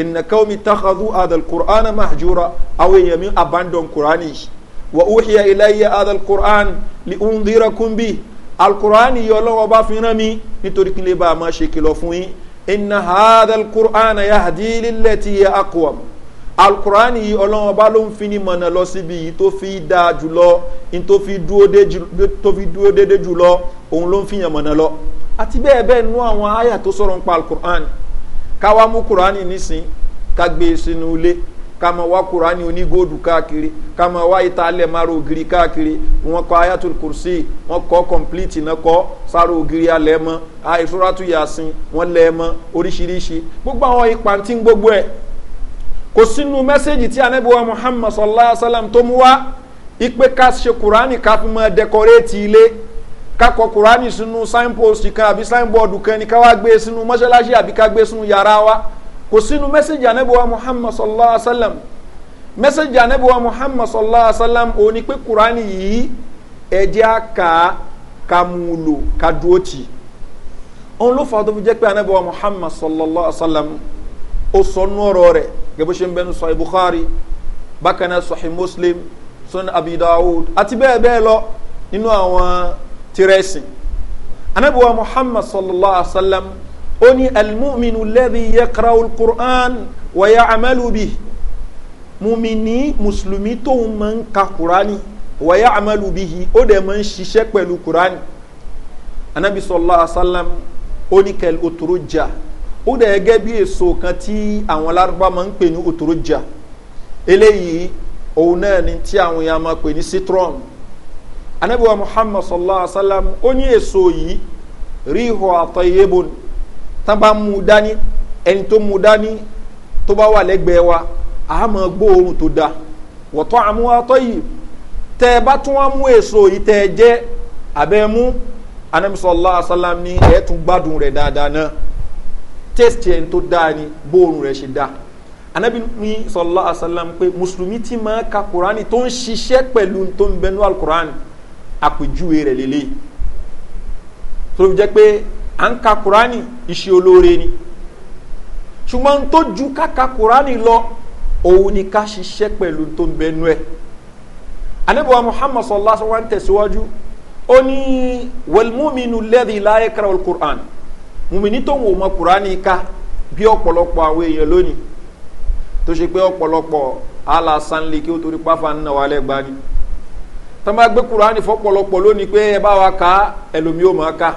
ìnà káwọmi takadu adal kùránì mahjura àwọn èèyàn mi abandon kùránì yìí wà úhìyà iláyà adal kùránì li ń dira kúmbi alkùránì yìí ọlọ́wọ́ bá fi rán mi nítorí kí bá a máa ṣe kìlọ̀ fún yín ìnà hadal kùránì yahdi lílẹ̀ ti yẹ akọ̀wàmù alukurani yìí ọlọ́run ọba ló ń fi ní mọ̀nà lọ síbi yìí tó fi dáa jùlọ tó fi dúró déédéé jùlọ òun ló ń fi yàn mọ̀nà lọ àti bẹ́ẹ̀ bẹ́ẹ̀ nú àwọn àyà tó sọ̀rọ̀ ń pa alukurani káwa mú kurani nísìn ká gbé e sínú ilé ká mọ wá kurani onígóòdù káàkiri ká mọ wá ìta alẹ́ márò ògiri káàkiri wọn kọ ayatul kursi wọn kọ kọ̀mplìtì náà kọ sáró ògiri alẹ́ mọ́ àìsúrátù yàsìn wọn lẹ́ mọ́ oríṣiríṣi gbogbo kò sínú mẹ́sẹ̀gì tí anábíwá muhammad sallallahu alayhi wa sallam tó mú wá ipe ká ṣe kùránì ká fi mọ dẹkọrétì ilé ká kọ kùránì sínú signpost kan àbí signboard kan ni ká wá gbé sínú mọ́ṣáláṣí àbí ká gbé sínú yàrá wa kò sínú mẹ́sẹ̀gì anábíwá muhammad sallallahu alayhi wa sallam mẹ́sẹ̀gì anábíwá muhammad sallallahu alayhi wa sallam ò ní pé kùránì yìí ẹ̀jẹ̀ á kà á ká mú un lò ká dúró tì òun ló fà á tó fi jẹ́ pé anábíwá muhammad sallallahu alayhi wa sallam ó sọ nú ọ̀rọ̀ rẹ̀ gẹ́gẹ́ bó ṣe ń bẹnu sọ ibukhari bákan náà sọ̀hìn muslim sun abidawood àti bẹ́ẹ̀ bẹ́ẹ̀ lọ nínú àwọn tirẹ̀sìn anabiwa muhammad sallallahu alaihi wa sallam ó ní almuminu lẹ́bi yẹ́kra olùkùrán wọ̀ya amalubi mumini musulumi tóun máa ń ka kurani wọ̀ya amalubi ó dẹ̀ máa ń ṣiṣẹ́ pẹ̀lú kurani anabi sallallahu alaihi wa sallam ó ní kẹ́lẹ́ òtúrú Ja ó dẹ̀ gẹ́gẹ́ bí èso kan tí àwọn lárúbá máa ń pè ní òtòrójà eléyìí òun náà ni tí àwọn èèyàn máa pè ní citron anabiwa muhammad sallallahu alaihi wa sallam ó ní èso yìí ríhọ àtọyébọn tán bá mú dání ẹni tó mú dání tó bá wà lẹ́gbẹ̀ẹ́ wa a máa gbóòórùn tó da wọ́tọ́ àmúwá tọ́yì tẹ́ ẹ bá tún wá mú èso yìí tẹ́ ẹ jẹ́ abẹ́ mú anamisọ́lá asalam ní ẹ̀ gbádùn rẹ̀ dáadáa náà test yẹn tó dáa ni bóorùn rẹ̀ ṣe dáa anabi ni sọlá asalam pé mùsùlùmí ti máa ka kurani tó ń ṣiṣẹ́ pẹ̀lú tó ń bẹnu alukurani àpèjúwe rẹ̀ lélẹ̀ tó fi jẹ́ pé à ń ka kurani iṣẹ́ olóore ni ṣùgbọ́n tó ju káka kurani lọ òun ni ká ṣiṣẹ́ pẹ̀lú tó ń bẹnu ẹ̀ anabiwa muhammad sọlá sọ wa ń tẹ̀síwájú ó ní wàlmúmínú lẹ́dí láyé kára alukurani mùmíní tóun ò mọ kùránì ká bí ọ̀pọ̀lọpọ̀ àwọn èèyàn lónìí tó ṣe pé ọ̀pọ̀lọpọ̀ alasanle kí ó torí pápá ń náwó alẹ́ gbani tó bá gbé kùránì fọ́pọ̀lọpọ̀ lónìí pé ẹ bá wa ká ẹlòmíì ò mọ̀ ká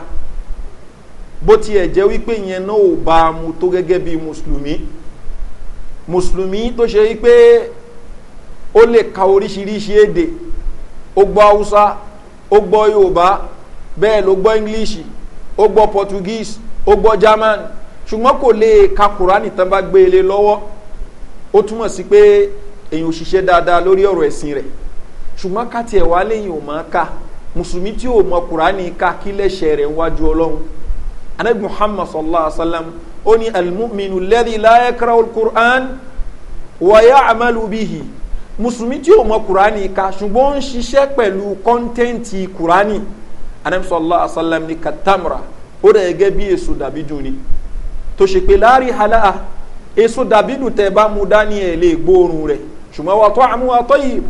bó tiẹ̀ jẹ́ wípé yẹn náà ò bá a mu tó gẹ́gẹ́ bí mùsùlùmí mùsùlùmí tó ṣe wípé ó lè ka oríṣiríṣi èdè ó gbọ́ haúsá ó gbọ́ yorùbá bẹ́ẹ̀ ló gbọ́ english ó gbọ́ portuguese ó gbọ́ german ṣùgbọ́n kò lè ka kùránì tán bá gbé e lé lọ́wọ́ ó túmọ̀ sí pé èyàn òṣìṣẹ́ dáadáa lórí ọ̀rọ̀ ẹ̀sìn rẹ̀ ṣùgbọ́n ká tiẹ̀ wá léyìn ò máa ka mùsùlùmí tí ò mọ kùránì ká kí lẹ́sẹ̀ rẹ̀ wájú ọlọ́run anabi muhammad sallallahu alaihi wa sallam ó ní alimuminu lẹ́dí láyé kra olùkùrán wàyà amalubihi mùsùlùmí tí ò mọ kùránì ká ṣùgbọ́n ó ń ṣiṣẹ́ pẹ̀lú kọ́ńtẹ́ǹtì kùránì anabi sallallahu alaihi wa sallam ní katamra ó rẹ̀ gẹ́gẹ́ bí èso dàbí dùn ni tó ṣe pé láàrin halá èso dàbí dùn tẹ́ bá mu dání ẹ̀ lè gbóòórùn rẹ̀ ṣùgbọ́n wà tó àmú wa tó yìí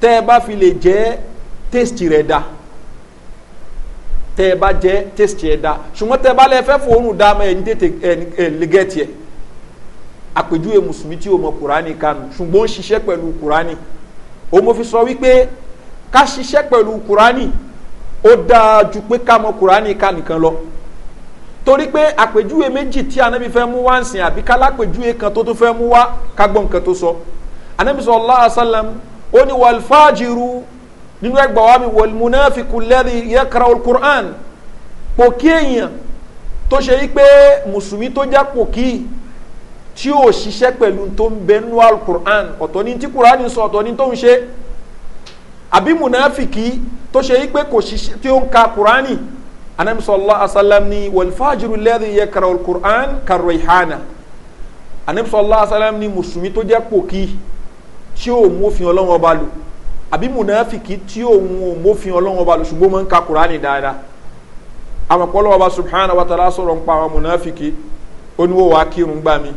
tẹ́ ẹ bá fi lè jẹ́ tẹ́sítì rẹ̀ da tẹ́ ẹ bá jẹ́ tẹ́sítì rẹ̀ da ṣùgbọ́n tẹ́ bá lẹ fẹ́ fòórùn dá ẹ̀ ní tètè ẹ̀ lẹ́gẹ̀tì ẹ̀ àpèjúwe mùsùlùmí tí o mọ kùránì kanu ṣùgbọ́n ó ṣiṣẹ́ pẹ̀lú kùránì òun mo fi sọ wípé ká ṣiṣẹ́ pẹ̀lú kùránì ó dáa ju pé ká mọ kùránì ká nìkan lọ torí pé àpèjúwe méjì tí anabi fẹ́ mú wá ń sìn àbí ká lápèjúwe kan tó tún fẹ́ mú wá ká gbọ́ nǹkan tó sọ anabi sọ allah asalam ó ní wàlfàjìrú nínú ẹgbàá wa mi wàlmùnáfikù lẹ́rìí yẹ́kara olùkùránì pòkí èèyàn tó ṣe yí pé mùsùlùmí tó já pòkí tí ò ṣiṣẹ́ pẹ̀lú tó ń bẹ nínú alukur'an ọ̀tọ̀ ní tí kur'an sọ ọ̀tọ̀ ní tó ń ṣe àbí mùnàfìkì tó ṣe yí pé kò ṣiṣẹ́ tí ó ń ka kurani anamisọ́lá asalam ni wàlfàjìrù lẹ́dí yẹ kàrọ̀ kuran kàrọ̀ ìhánà anamisọ́lá asalam ni mùsùlùmí tó jẹ́ pòkì tí ó mófin ọlọ́wọ́ bá lò àbí mùnàfìkì tí ó mófin ọlọ́wọ́ bá lò ṣùgbọ́n mọ́ ń ka kurani dáadáa àwọn bá subhanahu wa ta'ala sọ̀rọ̀ ń pa àwọn mùnàfìkì oníwó wa kírun gbà mí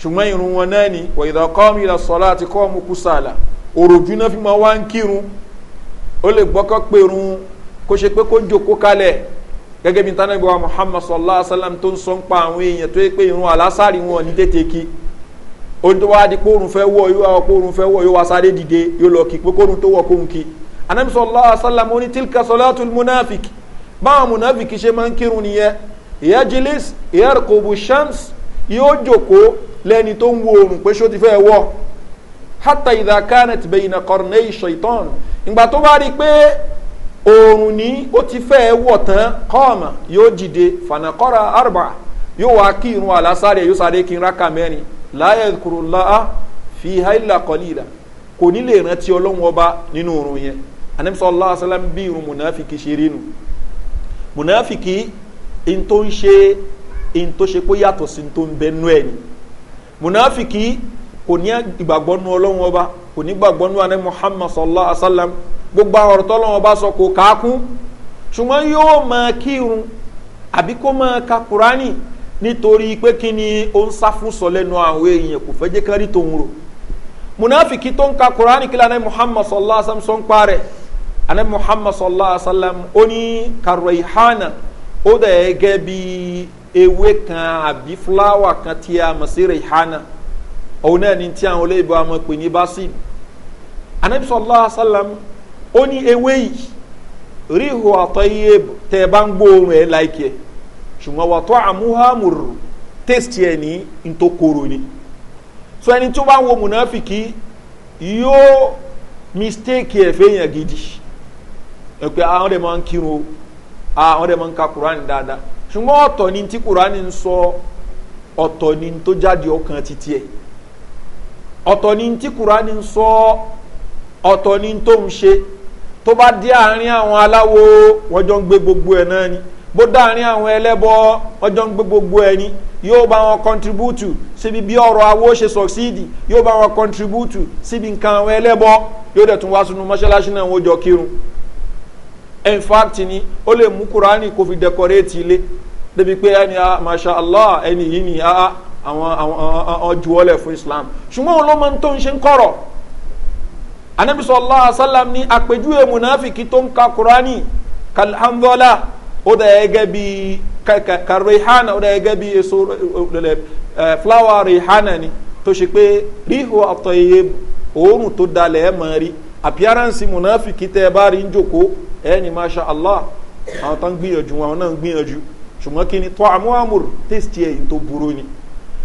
ṣùgbọ́n irun wọn náà ni wà mi ìlà sọ́lá àti kọ́ ọmọ kùsàlà òròjú náà fi máa wá ń kírun ó lè gbọ́kọ́ pèrún kó ṣe pé kó jòkó kalẹ̀ gẹ́gẹ́ bí tánà ìgbà muhammad sallallahu alaihi wa sallam tó ń sọ ń pa àwọn èèyàn tó yẹ pé irun àlásàrì wọn ní tètè kí ohun tó wáá di kórun fẹ́ wọ̀ yóò wá kórun fẹ́ wọ̀ yóò wá sáré dìde yóò lọ kí pé kórun tó wọ̀ kóhun kí anam sallallahu alaihi wa sallam ó ní tilka salatul munafik báwọn munafik ṣe máa ń kírun nìyẹn ìyá jilis ìyá rikobu shams yóò jòkó lẹ́ni tó ń wo oòrùn pé ṣó ti fẹ́ wọ̀ hata ìdàkánẹ̀tì bẹ̀yìn kọ̀rọ̀nẹ́ ìṣòyìtàn ìgbà tó bá rí i pé oòrùn ní ó ti fẹ́ wọ̀ tán kọ́ọ̀mà yóò dìde fanakọ́ra arba yóò wá kí irun àlásáré yóò sáré kí n ráka mẹ́rin láyé kúrò láà fi haila kọ́lìlà kò ní lè rántí ọlọ́run ọba nínú oòrùn yẹn anamsa allah asalam bí irun munafiki ṣe rí nu munafiki in ń ṣe in ṣe pé yàtọ̀ sí in tó ń bẹ́nu ẹ̀ ni munafiki kò ní ìgbàgbọ́ nu ọlọ́run ọba kò ní gbàgbọ́ nu anẹ́ muhammad sallallahu alaihi wa sallam gbogbo àwọn ọ̀rọ̀ tọ́lọ́run ọba sọ kò káàkún ṣùgbọ́n yóò máa kírun àbí kó máa ka kurani nítorí pé kí ni ó ń sáfúsọ lẹ́nu àwọn èèyàn kò fẹ́ jẹ́ kárí tòun rò munafiki tó ń ka kurani kí lánàá muhammad sallallahu alaihi wa sallam sọ ń parẹ́ anẹ́ muhammad sallallahu alaihi wa sallam ó ní karùn-ún ó dẹ̀ gẹ́ bí ewé kan àbí fúláwà kan tí a mọ̀ sí rẹ̀ òun náà ni tí àwọn olóyìnbó àmọ́ pè ní basil anabi sallallahu alayhi ó ní ewé yìí ríhu àtọ́yé tẹ́ ẹ bá ń gbóòórùn ẹ̀ wà àmúhàmùrù ní ntòkòrò ni so ẹni tó bá wo mùnàfìkì yóò mistake ẹ̀ fẹ́yàn gidi ẹ pé àwọn ah, máa ń kírun o àwọn ah, máa ń ka quran dáadáa ni ti quran sọ ọ̀tọ̀ ni tó jáde ọkàn ọ̀tọ̀ ni tí kùránì sọ ọ̀tọ̀ ni tó ń ṣe tó bá dé àárín àwọn aláwo wọ́n jọ ń gbé gbogbo ẹ̀ náà ni bó dáàrin àwọn ẹlẹ́bọ ọjọ́ ń gbé gbogbo ẹ̀ ni yóò bá wọn kọntribútù síbi bí ọ̀rọ̀ awó ṣe sọ̀ksídì yóò bá wọn kọntribútù síbi nǹkan àwọn ẹlẹ́bọ yóò dẹ̀ tún wá sunu mọ́ṣáláṣí náà wọ́n jọ kírun in fact ni ó lè mú kúránì kó fi dẹkọrétì ilé débi pé ẹni a ah, masha allah ẹni yìí ni a ah, ah àwọn àwọn ọjọ́ọ̀lẹ̀ fún islam ṣùgbọ́n òun ló máa ń tó ń ṣe ń kọ̀rọ̀ anabi sọlá asálàm ní àpèjúwe munafiki tó ń ka kurani kalhamdola ó dà gẹ́gẹ́ bí karihana ó dà gẹ́gẹ́ bí èso fúláwà rihana ni tó ṣe pé ríhu àtọ̀yẹ òórùn tó dalẹ̀ ẹ̀ máa rí appearance munafiki tẹ́ ẹ bá rí ń jòkó ẹ ní masha allah àwọn tó ń gbìyànjú àwọn náà ń gbìyànjú ṣùgbọ́n kí ni tó àmúhàmùr tẹ́sítì ẹ̀yìn tó burú ni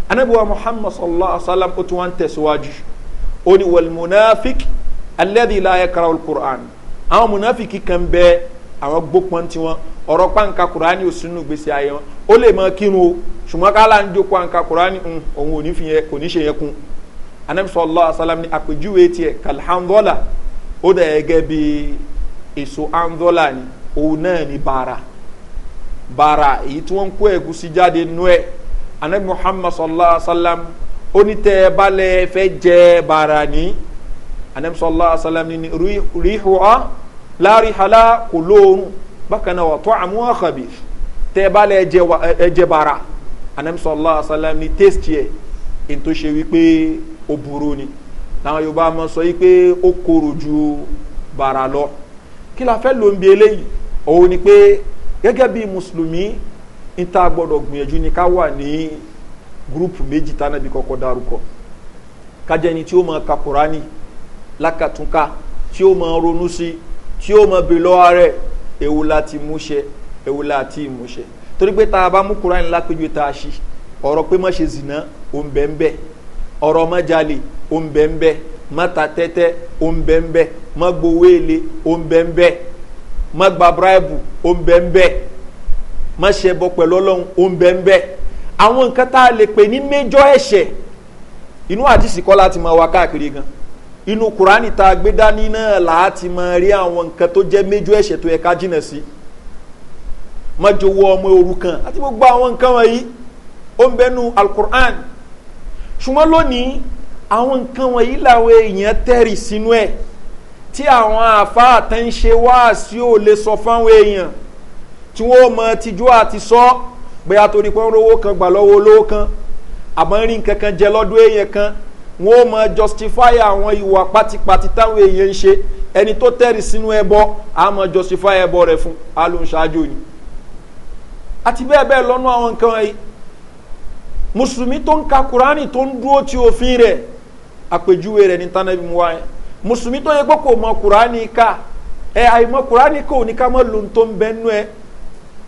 anabiwa muhammad sallallahu alaihi wa sallam ó tún wá ń tẹ̀síwájú ó ní wàlmùnáfíkì alẹ́dí láyé kara alukur'an àwọn munafiki kan bẹ àwọn gbópọn tiwọn ọ̀rọ̀ pàǹkà kur'ani ò sínú gbèsè ayé wọn ó lè mọ kírun o ṣùgbọ́n ká láń jó pàǹkà kur'ani ń òun ò ní fi yẹ kò ní ṣe yẹ kún anabi sọlọ asalam ni àpèjúwe tiẹ kalhandola ó dà gẹ́gẹ́ bí èso andola ni òun náà ni bàrà bàrà èyí tí wọ́n kó ẹ̀gúsí jáde nú ẹ̀ anabi muhammad sallallahu alaihi wa sallam onítẹ̀ balẹ̀ fẹ́ jẹ́ bàrà ní anabi sallallahu alaihi wa sallam ní rihuwa lárihala kò lóorun bákan náà wà tó àmúhàn xabi tẹ́ balẹ̀ jẹ́ bàrà anabi sallallahu alaihi wa sallam ní tẹ́sítì ẹ̀ èyí tó ṣe wípé ó burú ni làwọn yorùbá mọ sọ yìí pé ó korò ju bàrà lọ kí la fẹ́ ló bi eléyìí níta gbọ́dọ̀ gbìyànjú ni ká wà ní gúrúùpù méjì tánàbí kọ́kọ́ dárúkọ kájẹni tí ó mọ kakurani lákàtúnká tí ó mọ ronú sí tí ó mọ bèlọ ààrẹ èwo láti múṣẹ èwo láti múṣẹ torí pé tá a bá mú kurani lápéjú tá a ṣí ọ̀rọ̀ pé má ṣe zìnà ó ń bẹ́ ń bẹ́ ọ̀rọ̀ má jalè ó ń bẹ́ ń bẹ́ má ta tẹ́tẹ́ ó ń bẹ́ ń bẹ́ má gbowó èlé ó ń bẹ́ ń bẹ́ má gba bíráìbù ó ń bẹ́ ń bẹ́ má ṣe bọ pẹ̀lú ọlọ́run ó ń bẹ́ ń bẹ́ àwọn nǹkan tá a lè pè ní méjọ́ ẹ̀ṣẹ̀ inú àdìsí kọ́ láti máa wá káàkiri gan inú kùránì tá a gbé dání náà láti máa rí àwọn nǹkan tó jẹ́ méjọ́ ẹ̀ṣẹ̀ tó yẹ ká jìnà sí má jowó ọmọ òrukàn àti gbogbo àwọn nǹkan wọ̀nyí ó ń bẹnu alukur'an ṣùgbọ́n lónìí àwọn nǹkan wọ̀nyí làwọn èèyàn tẹ̀rì sínú ẹ̀ tí àwọn àfa àtẹ̀ńṣe wá sí ò lè sọ fáwọn èèyàn tí wọ́n mọ tijú àti sọ bóyá torí pé ń rówó kan gbà lọ́wọ́ olówó kan àmọ́ rí nǹkan kan jẹ lọ́dún èèyàn kan wọ́n mọ justify àwọn ìwà pátipàti táwọn èèyàn ń ṣe ẹni tó tẹ̀rì sínú ẹbọ àmọ́ justify ẹbọ rẹ̀ fún alóńṣáájú ni àti bẹ́ẹ̀ bẹ́ẹ̀ lọ́nà àwọn nǹkan yìí mùsùlùmí tó ń ka kuraani tó ń dúró ti òfin rẹ̀ àpèjúwe rẹ̀ ní tánàbí mu wáyé mùsùlùmí tó yẹ pé kò mọ kuraani ká ẹ àìmọ kuraani kò ní ká mọ lóun tó ń bẹ́ẹ̀ nú ẹ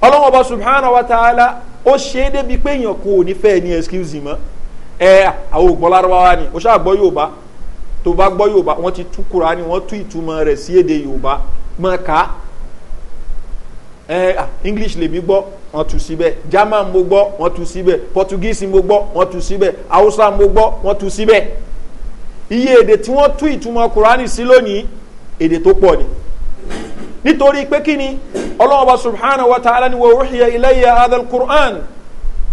ọlọ́wọ́n bá subhanahu wa ta'ala ó ṣe é débi pé èèyàn kò ní fẹ́ ní excuse mọ́ ẹ àwọn ògbọ́n lárúbáwá ni ó ṣáà gbọ́ yorùbá tó bá gbọ́ yorùbá wọ́n ti tú kura ni wọ́n tú ìtumọ̀ rẹ̀ sí èdè yorùbá mọ̀ ká ẹ english lèmi gbọ́ wọ́n tú síbẹ̀ german mo gbọ́ wọ́n tú síbẹ̀ portuguese mo gbọ́ wọ́n tú síbẹ̀ hausa mo gbọ́ wọ́n tú síbẹ̀ iye èdè tí wọ́n tú ìtumọ̀ kurani sí lónìí èdè tó pọ̀ ni nítorí pé kí ni ọlọ́wọ́n bá subhanahu wa ta'ala ni wọ́n wúhìyà iléyà adal qur'an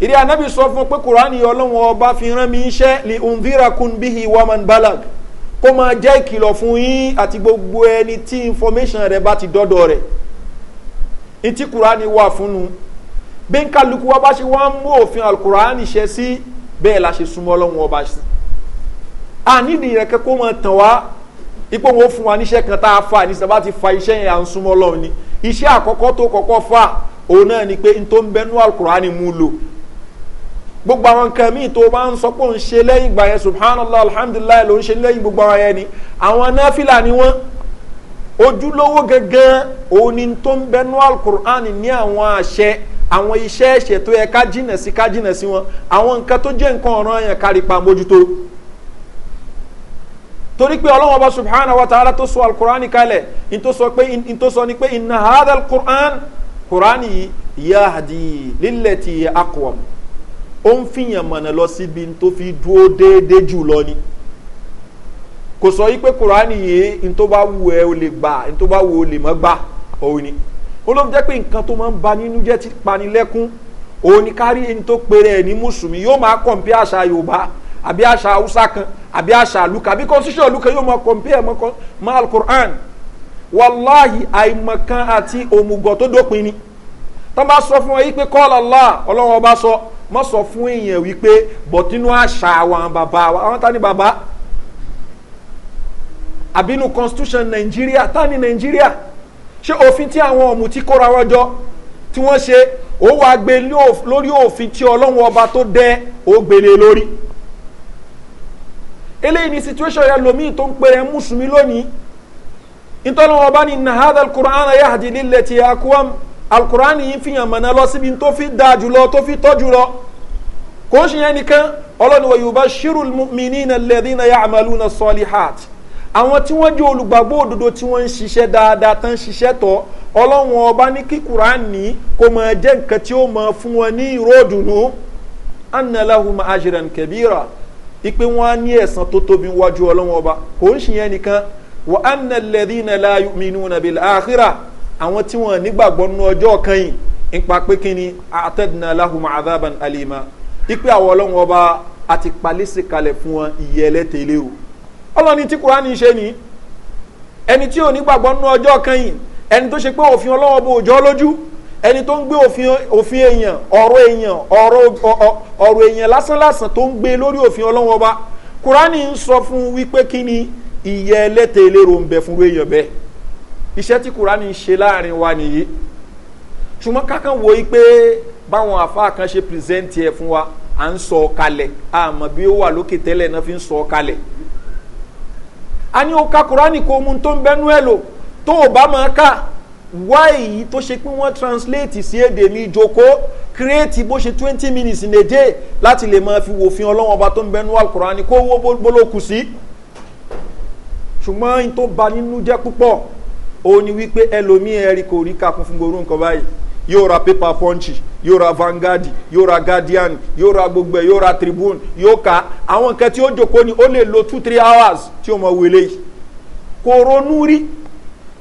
ìrì anábì sọ fún pé qur'an yìí ọlọ́wọ́n ọba fi rán mi iṣẹ́ lè undira kun bihi waman balag kó máa jẹ́ ìkìlọ̀ fún yín àti gbogbo ẹni tí information rẹ̀ bá ti dọ́dọ̀ rẹ̀ ìtí qur'an wà fún nu bí n kálukú wa bá ṣe wá ń mú òfin alukur'an ṣe sí bẹ́ẹ̀ la ṣe súnmọ́ ọlọ́wọ́n ọba sí àníìdí rẹ̀ kẹ́kọ̀ọ́ máa tàn wá ipò wọn fún wa níṣẹ́ kan tá a fà ní sábà ti fa iṣẹ́ yẹn à ń súnmọ́ lọ́wọ́ ni iṣẹ́ àkọ́kọ́ tó kọ́kọ́ fà òun náà ni pé n tó ń bẹnu alukura ni mú lò gbogbo àwọn nǹkan míì tó máa ń sọ pé òun ṣe lẹ́yìn ìgbà yẹn subhanallah alhamdulilayi ló ń ṣe lẹ́yìn gbogbo àwọn yẹn ni àwọn náfìlà ni wọ́n ojúlówó gangan òun ni tó ń bẹnu alukura ni ní àwọn àṣẹ àwọn iṣẹ́ ẹ̀ṣẹ̀ tó yẹ ká jìnà sí ká jìnà sí wọn àwọn nǹkan tó jẹ́ nǹkan ọ̀ràn yẹn kárí pa mójútó torí pé ọlọ́wọ́n bá subhana wa ta'ala tó sọ alukur'an kalẹ̀ n tó sọ ni pé iná hada alukur'an kur'an yìí yahadi lílẹ̀ ti akwam ó ń fìyàn mọ̀nà lọ síbi tó fi dúró déédéé jù lọ ni kò sọ yìí pé kur'an yìí n tó bá wù ẹ́ o lè gbà n tó bá wù ẹ́ o lè mọ́ gbà òun ni olóòfin jẹ́ pé nǹkan tó máa ń ba nínú jẹ́ ti panilẹ́kún òun ni kárí ẹni tó pèrè ẹ̀ mùsùlùmí yóò máa kọ̀ ń pé àṣà yorùbá àbí àṣà haúsá kan àbí àṣà àlù kan àbí constitution àlù kan yóò mọ compare mọ mọ alukur'an wàláhì àìmọ̀kan àti òmùgọ̀ tó dópin ni tó bá sọ fún ọ yí pé kọ́ọ̀lá lá ọlọ́wọ́ bá sọ mọ́ sọ fún èèyàn wípé bọ̀tínú àṣà àwọn bàbá àwọn tá bàbá àbínú constitution nàìjíríà tani ní nàìjíríà ṣé òfin tí àwọn ọ̀mù ti kóra wọn jọ tí wọ́n ṣe ó wàá gbé lórí òfin tí ọlọ́wọ́ ọba tó dẹ́ ó gbélé lórí eléyìí ni situation yẹn lomi tó ń pèrè mùsùlùmí lónìí nítorí wọn bá ní nahadà alukur'an yahadi lílẹ̀ tí a kú am alukur'an yìí fi hàn mọ̀nà lọ síbi tó fi dáa jùlọ tó fi tọ́ jùlọ kò ń yẹn nìkan ọlọ́ni wọ̀nyí bá ṣírù mímí na lẹ́dí na yà àmàlú na sọ́ọ̀lì hàt àwọn tí wọ́n jẹ́ olùgbàgbọ́ òdodo tí wọ́n ń ṣiṣẹ́ dáadáa tán ṣiṣẹ́ tọ́ ọlọ́run ọba ní kí quran ní kó máa jẹ́ nǹkan tí ó máa fún wọn ní ìró òdùnnú annalahuma kabira ipe wọn á ní ẹ̀sán tó tóbi wájú ọlọ́wọ́n ọba kò ń ṣìyẹn nìkan wà á nà lẹ́dí nà láàyò mìíràn nàbí àkírà àwọn tí wọn nígbàgbọ́ nínú ọjọ́ kan yìí nípa pé kí ni àtẹ̀dínà aláhùnmá àdábàn àlèmá ipe àwọn ọlọ́wọ́n ọba àti palẹ́sì kalẹ̀ fún wọn ìyẹ́ ẹlẹ́tẹ̀ẹ́lẹ́ o ọlọ́ni tí kùránì ṣe ni ẹni tí ò nígbàgbọ́ nínú ọjọ́ kan yìí ẹni tó ṣe pé òfin ọlọ́wọ́ bo òjọ́ lójú ẹni tó ń gbé òfin èèyàn ọ̀rọ̀ èèyàn ọ̀rọ̀ èèyàn lásánlásán tó ń gbé lórí òfin ọlọ́wọ́n ọba kúránì ń sọ fún wípé kí ni ìyẹ́ ẹlẹ́tẹ̀ elérò ń bẹ fún èèyàn bẹ́ẹ̀ iṣẹ́ tí kúránì ń ṣe láàrin wa nìyí ṣùgbọ́n kákan wo yí pé báwọn àfáà kan ṣe pírẹsẹ́ǹtì ẹ̀ fún wa à ń sọ ọ kalẹ̀ àmọ́ bí ó wà lókè tẹ́lẹ̀ náà fi ń sọ ọ kalẹ̀ a ní o ka kúránì kó mu tó ń bẹnu ẹ lò tó o bá máa ká wá èyí tó ṣe pé wọ́n translate sí èdè mi joko create bó ṣe twenty minutes in a day láti lè máa fi wòfin ọlọ́wọ́n ọba tó ń bẹnu alukurani kó owó bólókù sí ṣùgbọ́n n tó ba nínú jẹ́ púpọ̀ ó ní wípé ẹlòmíì ẹ̀rí kò rí kakun fún gbòòrò nǹkan báyìí yóò ra paper punch yóò ra vanguard yóò ra guardian yóò ra gbogbo yóò ra tribune yóò ka àwọn nǹkan tí ó jòkó ni ó lè lo two three hours tí ó mọ wele kò ronú rí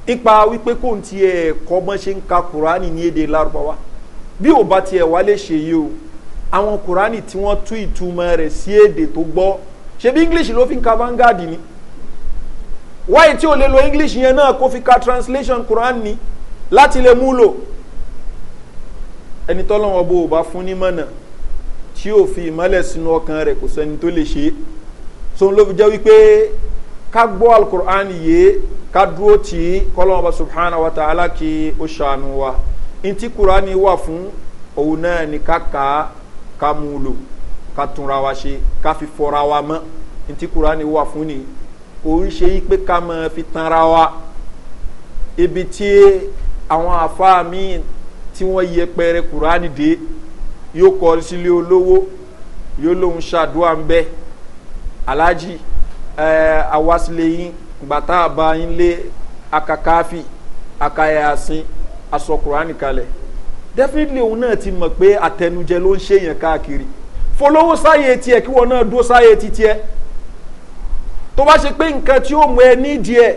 ipa wípé kò ń tiẹ̀ kọ́ bọ́n ṣe ń ka kùránì ní èdè lárúbáwá bí ò bá tiẹ̀ wá ṣe yìí o àwọn kùránì tí wọ́n tú ìtumọ̀ rẹ̀ sí èdè tó gbọ́ ṣebí english ló fi ń ka vanguard ni wáyé tí ò lè lo english yẹn náà kó fi ka translation kùránì ni láti lè mú lò ẹni tọ́lọ́wọ́n bó o bá fún ní mọ̀nà tí ò fi ìmọ̀lẹ̀ sínú ọkàn rẹ̀ kò sẹ́ni tó lè ṣe é so ló fi jẹ́ wípé ká gbọ́ alukur'an yìí ká dúró tì í kọ́lọ́mọ bá subhanahu wa ta'ala ki ó ṣàánú wa ntí kur'an wà fún òun náà ni ká kà á ká mú lò ká túnra wa ṣe ká fi fọra wa mọ́ ntí kur'an wà fún ni kò ń ṣe yí pé ká fi tanra wa ibi tí àwọn àfáà míì tí wọ́n yẹ pẹrẹ kùránì dé yóò kọ́ sílé olówó yóò lóun ṣàdúrà ń bẹ́ Eh, ẹ awasile yín gbàtà àbá yín lé akakáfì akayasin asọkùránì kalẹ̀ definitely òun náà ti mọ̀ pé àtẹnujẹ ló ń ṣèyàn káàkiri folówó sáyé tiẹ̀ kí wọn náà dúró sáyé titiẹ̀ tó bá ṣe pé nǹkan tí ó mú ẹ nídìí ẹ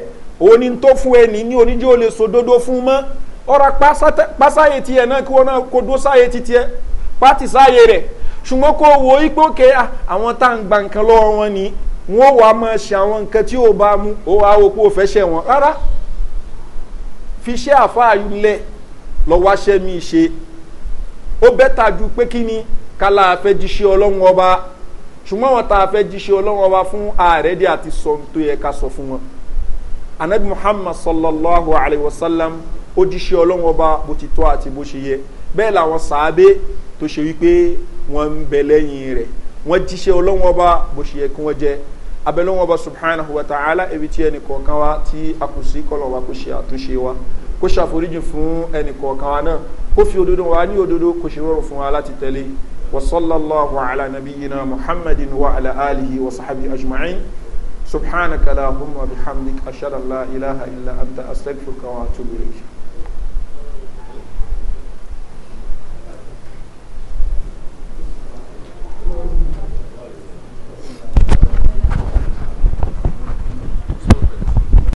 òun ni tó fún ẹ ní ní oníjó lè sòdodo fún mọ́ ọ̀rọ̀ pásáyé tiẹ̀ náà kí wọn náà kó dúró sáyé titiẹ̀ pátì sáyé rẹ̀ ṣùgbọ́n kó wo ipò kẹ́ ah, àwọn tá à ń gba nǹkan lọ́wọ́ wọn nìyí wọ́n wà máa ṣe àwọn nǹkan tí ó bá mú ó wá opó fẹ́ṣẹ̀ wọn rárá fi ṣe àfáàyù lẹ̀ lọ́wọ́ṣẹ́ mi ṣe ó bẹ́tà ju pé kí ni kálá afẹ́ jíṣẹ́ ọlọ́run ọba ṣùgbọ́n wọn ta afẹ́ jíṣẹ́ ọlọ́run ọba fún ààrẹ dí àti sọ tó yẹ ká sọ fún wọn anabi muhammad sallallahu alayhi wa sallam ó jíṣẹ́ ọlọ́run ọba bó ti tọ́ àti bó ṣe yẹ bẹ́ẹ̀ làwọn sàábé tó ṣe wípé wọ́n ń bẹ lẹ́yìn rẹ̀ wọ́n jíṣẹ́ ọlọ́run ọba bó ṣe yẹ kí wọ́n jẹ́ abẹ́lẹ́wọ̀n ọba subhanahu wa ta'ala ebi tí ẹnì kọ̀ọ̀kan wa tí a kò sí kọ́lọ̀ wa kò ṣe àtúnṣe wa kó ṣàforíjì fún ẹnì kọ̀ọ̀kan wa náà kó fi òdodo wa ní òdodo kò ṣe rọrùn fún wa láti tẹ̀lé وصلى الله على نبينا محمد وعلى آله وصحبه أجمعين سبحانك اللهم وبحمدك أشهد أن لا إله إلا أنت أستغفرك وأتوب إليك